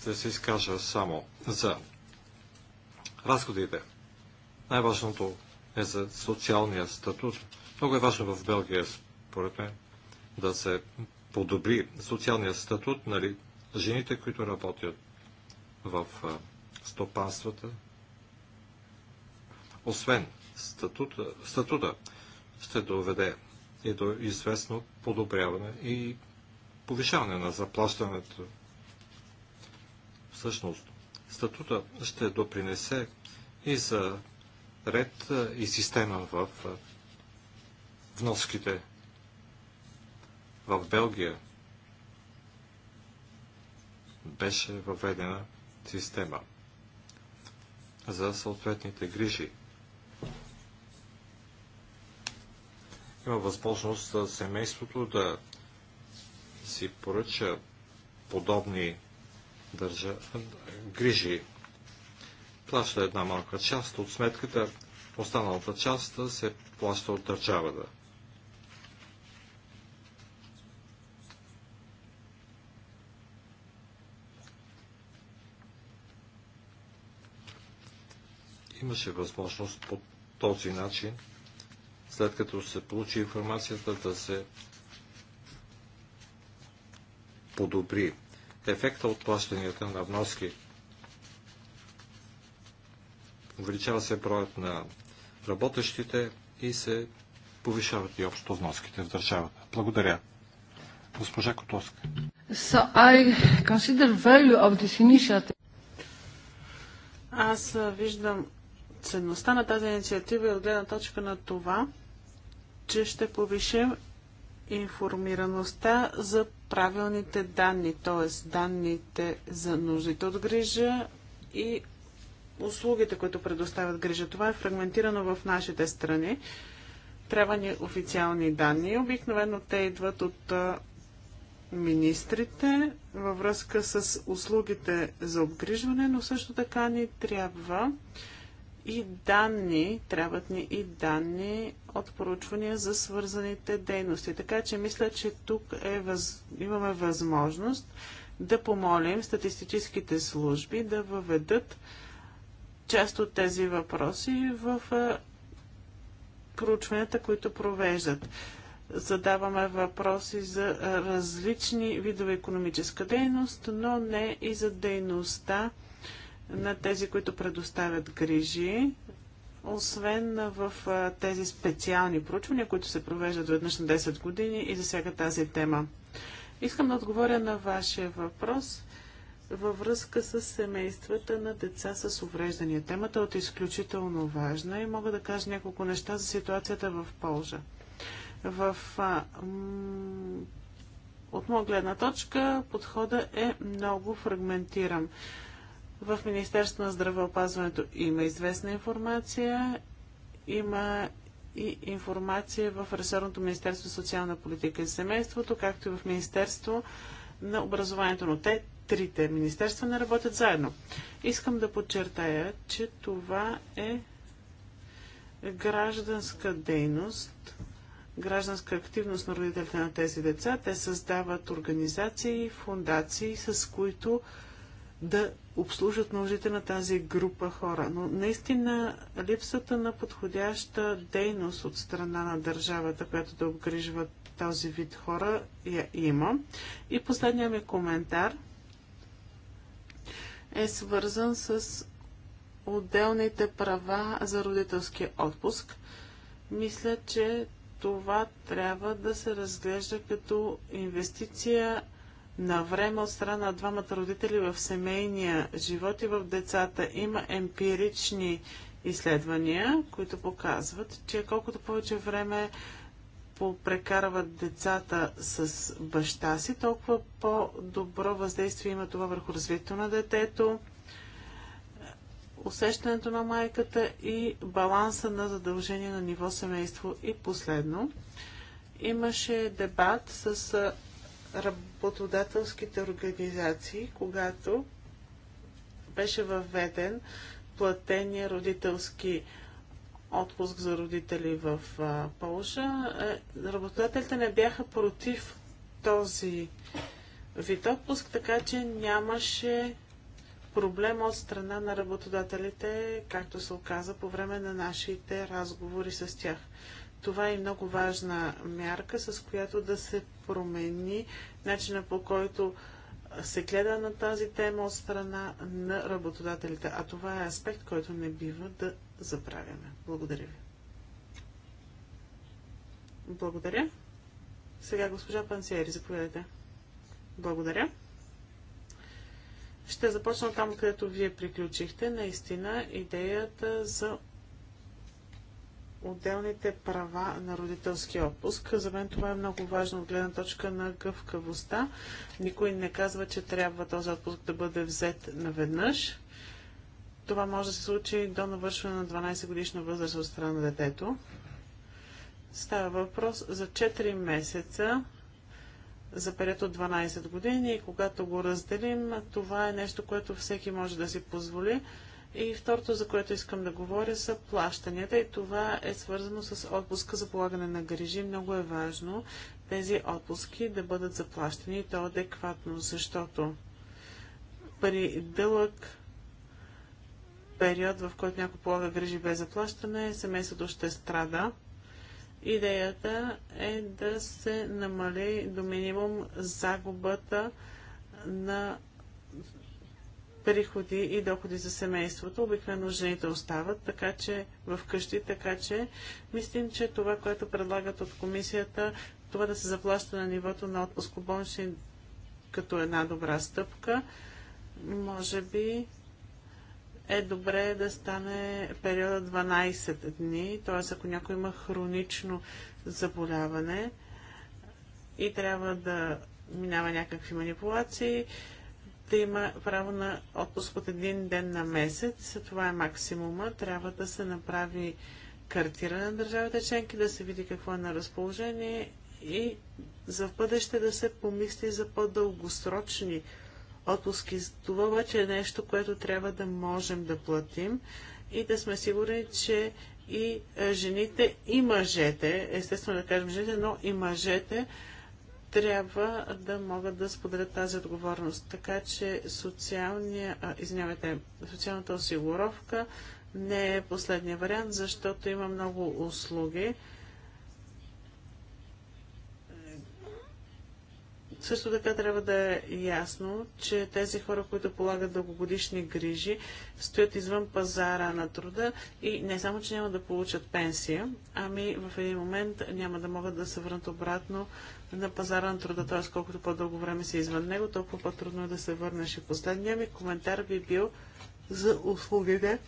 ще се изкажа само за разходите. Най-важното е за социалния статут. Много е важно в Белгия, според мен, да се подобри социалния статут на нали, жените, които работят в стопанствата. Освен статута, статута ще доведе и до известно подобряване и повишаване на заплащането. Всъщност, статута ще допринесе и за ред и система в вноските в Белгия. Беше въведена система за съответните грижи. Има възможност за семейството да си поръча подобни държа... грижи плаща една малка част от сметката, останалата част се плаща от държавата. Имаше възможност по този начин, след като се получи информацията, да се подобри ефекта от плащанията на вноски Увеличава се броят на работещите и се повишават и общо вноските в държавата. Благодаря. Госпожа Котовска. So I consider value of this initiative. Аз виждам ценността на тази инициатива и от гледна точка на това, че ще повишим информираността за правилните данни, т.е. данните за нуждите от грижа и услугите, които предоставят грижа. Това е фрагментирано в нашите страни. Трябва ни официални данни. Обикновено те идват от министрите във връзка с услугите за обгрижване, но също така ни трябва и данни, трябват ни и данни от поручвания за свързаните дейности. Така че мисля, че тук е въз... имаме възможност да помолим статистическите служби да въведат част от тези въпроси в проучванията, които провеждат. Задаваме въпроси за различни видове економическа дейност, но не и за дейността на тези, които предоставят грижи, освен в тези специални проучвания, които се провеждат веднъж на 10 години и засяга тази тема. Искам да отговоря на вашия въпрос във връзка с семействата на деца с увреждания. Темата е от изключително важна и мога да кажа няколко неща за ситуацията в Полжа. В, а, от моя гледна точка подхода е много фрагментиран. В Министерството на здравеопазването има известна информация, има и информация в ресорното Министерство социална политика и семейството, както и в Министерство на образованието, но те трите министерства не работят заедно. Искам да подчертая, че това е гражданска дейност, гражданска активност на родителите на тези деца. Те създават организации, и фундации, с които да обслужат нуждите на тази група хора. Но наистина липсата на подходяща дейност от страна на държавата, която да обгрижва този вид хора, я има. И последния ми коментар – е свързан с отделните права за родителския отпуск. Мисля, че това трябва да се разглежда като инвестиция на време от страна на двамата родители в семейния живот и в децата. Има емпирични изследвания, които показват, че колкото повече време прекарват децата с баща си, толкова по-добро въздействие има това върху развитието на детето, усещането на майката и баланса на задължение на ниво семейство. И последно, имаше дебат с работодателските организации, когато беше въведен платения родителски отпуск за родители в Польша. Полша. Е, работодателите не бяха против този вид отпуск, така че нямаше проблем от страна на работодателите, както се оказа по време на нашите разговори с тях. Това е много важна мярка, с която да се промени начина по който се гледа на тази тема от страна на работодателите. А това е аспект, който не бива да забравяме. Благодаря ви. Благодаря. Сега госпожа Пансиери, заповядайте. Благодаря. Ще започна там, където вие приключихте. Наистина, идеята за отделните права на родителски отпуск. За мен това е много важно от гледна точка на гъвкавостта. Никой не казва, че трябва този отпуск да бъде взет наведнъж. Това може да се случи до навършване на 12 годишна възраст от страна на детето. Става въпрос за 4 месеца за период от 12 години и когато го разделим, това е нещо, което всеки може да си позволи. И второто, за което искам да говоря, са плащанията и това е свързано с отпуска за полагане на грижи. Много е важно тези отпуски да бъдат заплащани и то адекватно, защото при дълъг период, в който някой полага грижи без заплащане, семейството ще страда. Идеята е да се намали до минимум загубата на приходи и доходи за семейството. Обикновено жените остават така че в къщи, така че мислим, че това, което предлагат от комисията, това да се заплаща на нивото на отпуск като една добра стъпка. Може би е добре да стане периода 12 дни, т.е. ако някой има хронично заболяване и трябва да минава някакви манипулации, да има право на отпуск от един ден на месец. Това е максимума. Трябва да се направи картиране на държавите членки, да се види какво е на разположение и за в бъдеще да се помисли за по-дългосрочни отпуски. Това обаче е нещо, което трябва да можем да платим и да сме сигурни, че и е, жените и мъжете, естествено да кажем жените, но и мъжете трябва да могат да споделят тази отговорност. Така че социалния, социалната осигуровка не е последния вариант, защото има много услуги, Също така трябва да е ясно, че тези хора, които полагат дългогодишни грижи, стоят извън пазара на труда и не само, че няма да получат пенсия, ами в един момент няма да могат да се върнат обратно на пазара на труда, т.е. колкото по-дълго време си извън него, толкова по-трудно е да се върнеш. И последният ми коментар би бил за услугите,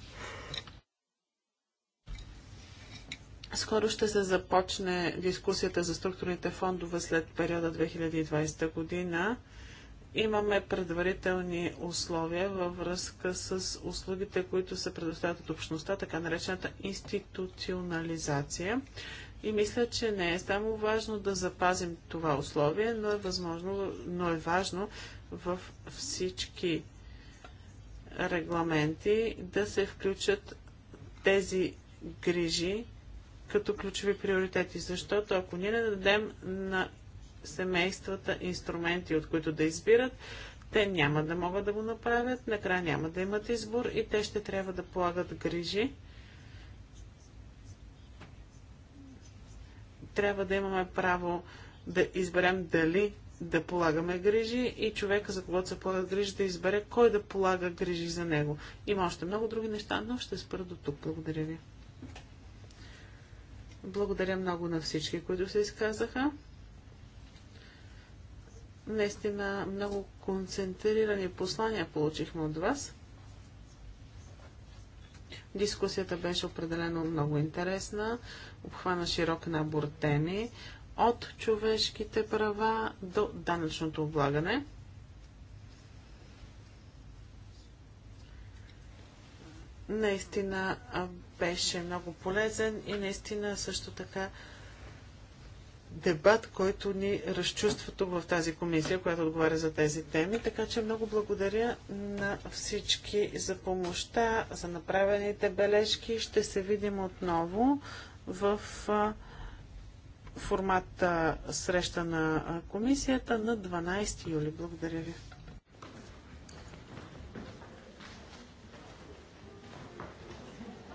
Скоро ще се започне дискусията за структурните фондове след периода 2020 година. Имаме предварителни условия във връзка с услугите, които се предоставят от общността, така наречената институционализация. И мисля, че не е само важно да запазим това условие, но е, възможно, но е важно в всички регламенти да се включат тези грижи като ключови приоритети, защото ако ние не дадем на семействата инструменти, от които да избират, те няма да могат да го направят, накрая няма да имат избор и те ще трябва да полагат грижи. Трябва да имаме право да изберем дали да полагаме грижи и човека, за когото се полагат грижи, да избере кой да полага грижи за него. Има още много други неща, но ще спра до тук. Благодаря ви. Благодаря много на всички, които се изказаха. Наистина много концентрирани послания получихме от вас. Дискусията беше определено много интересна, обхвана широк набор теми, от човешките права до данъчното облагане. Наистина беше много полезен и наистина също така дебат, който ни разчувства тук в тази комисия, която отговаря за тези теми. Така че много благодаря на всички за помощта, за направените бележки. Ще се видим отново в формата среща на комисията на 12 юли. Благодаря ви.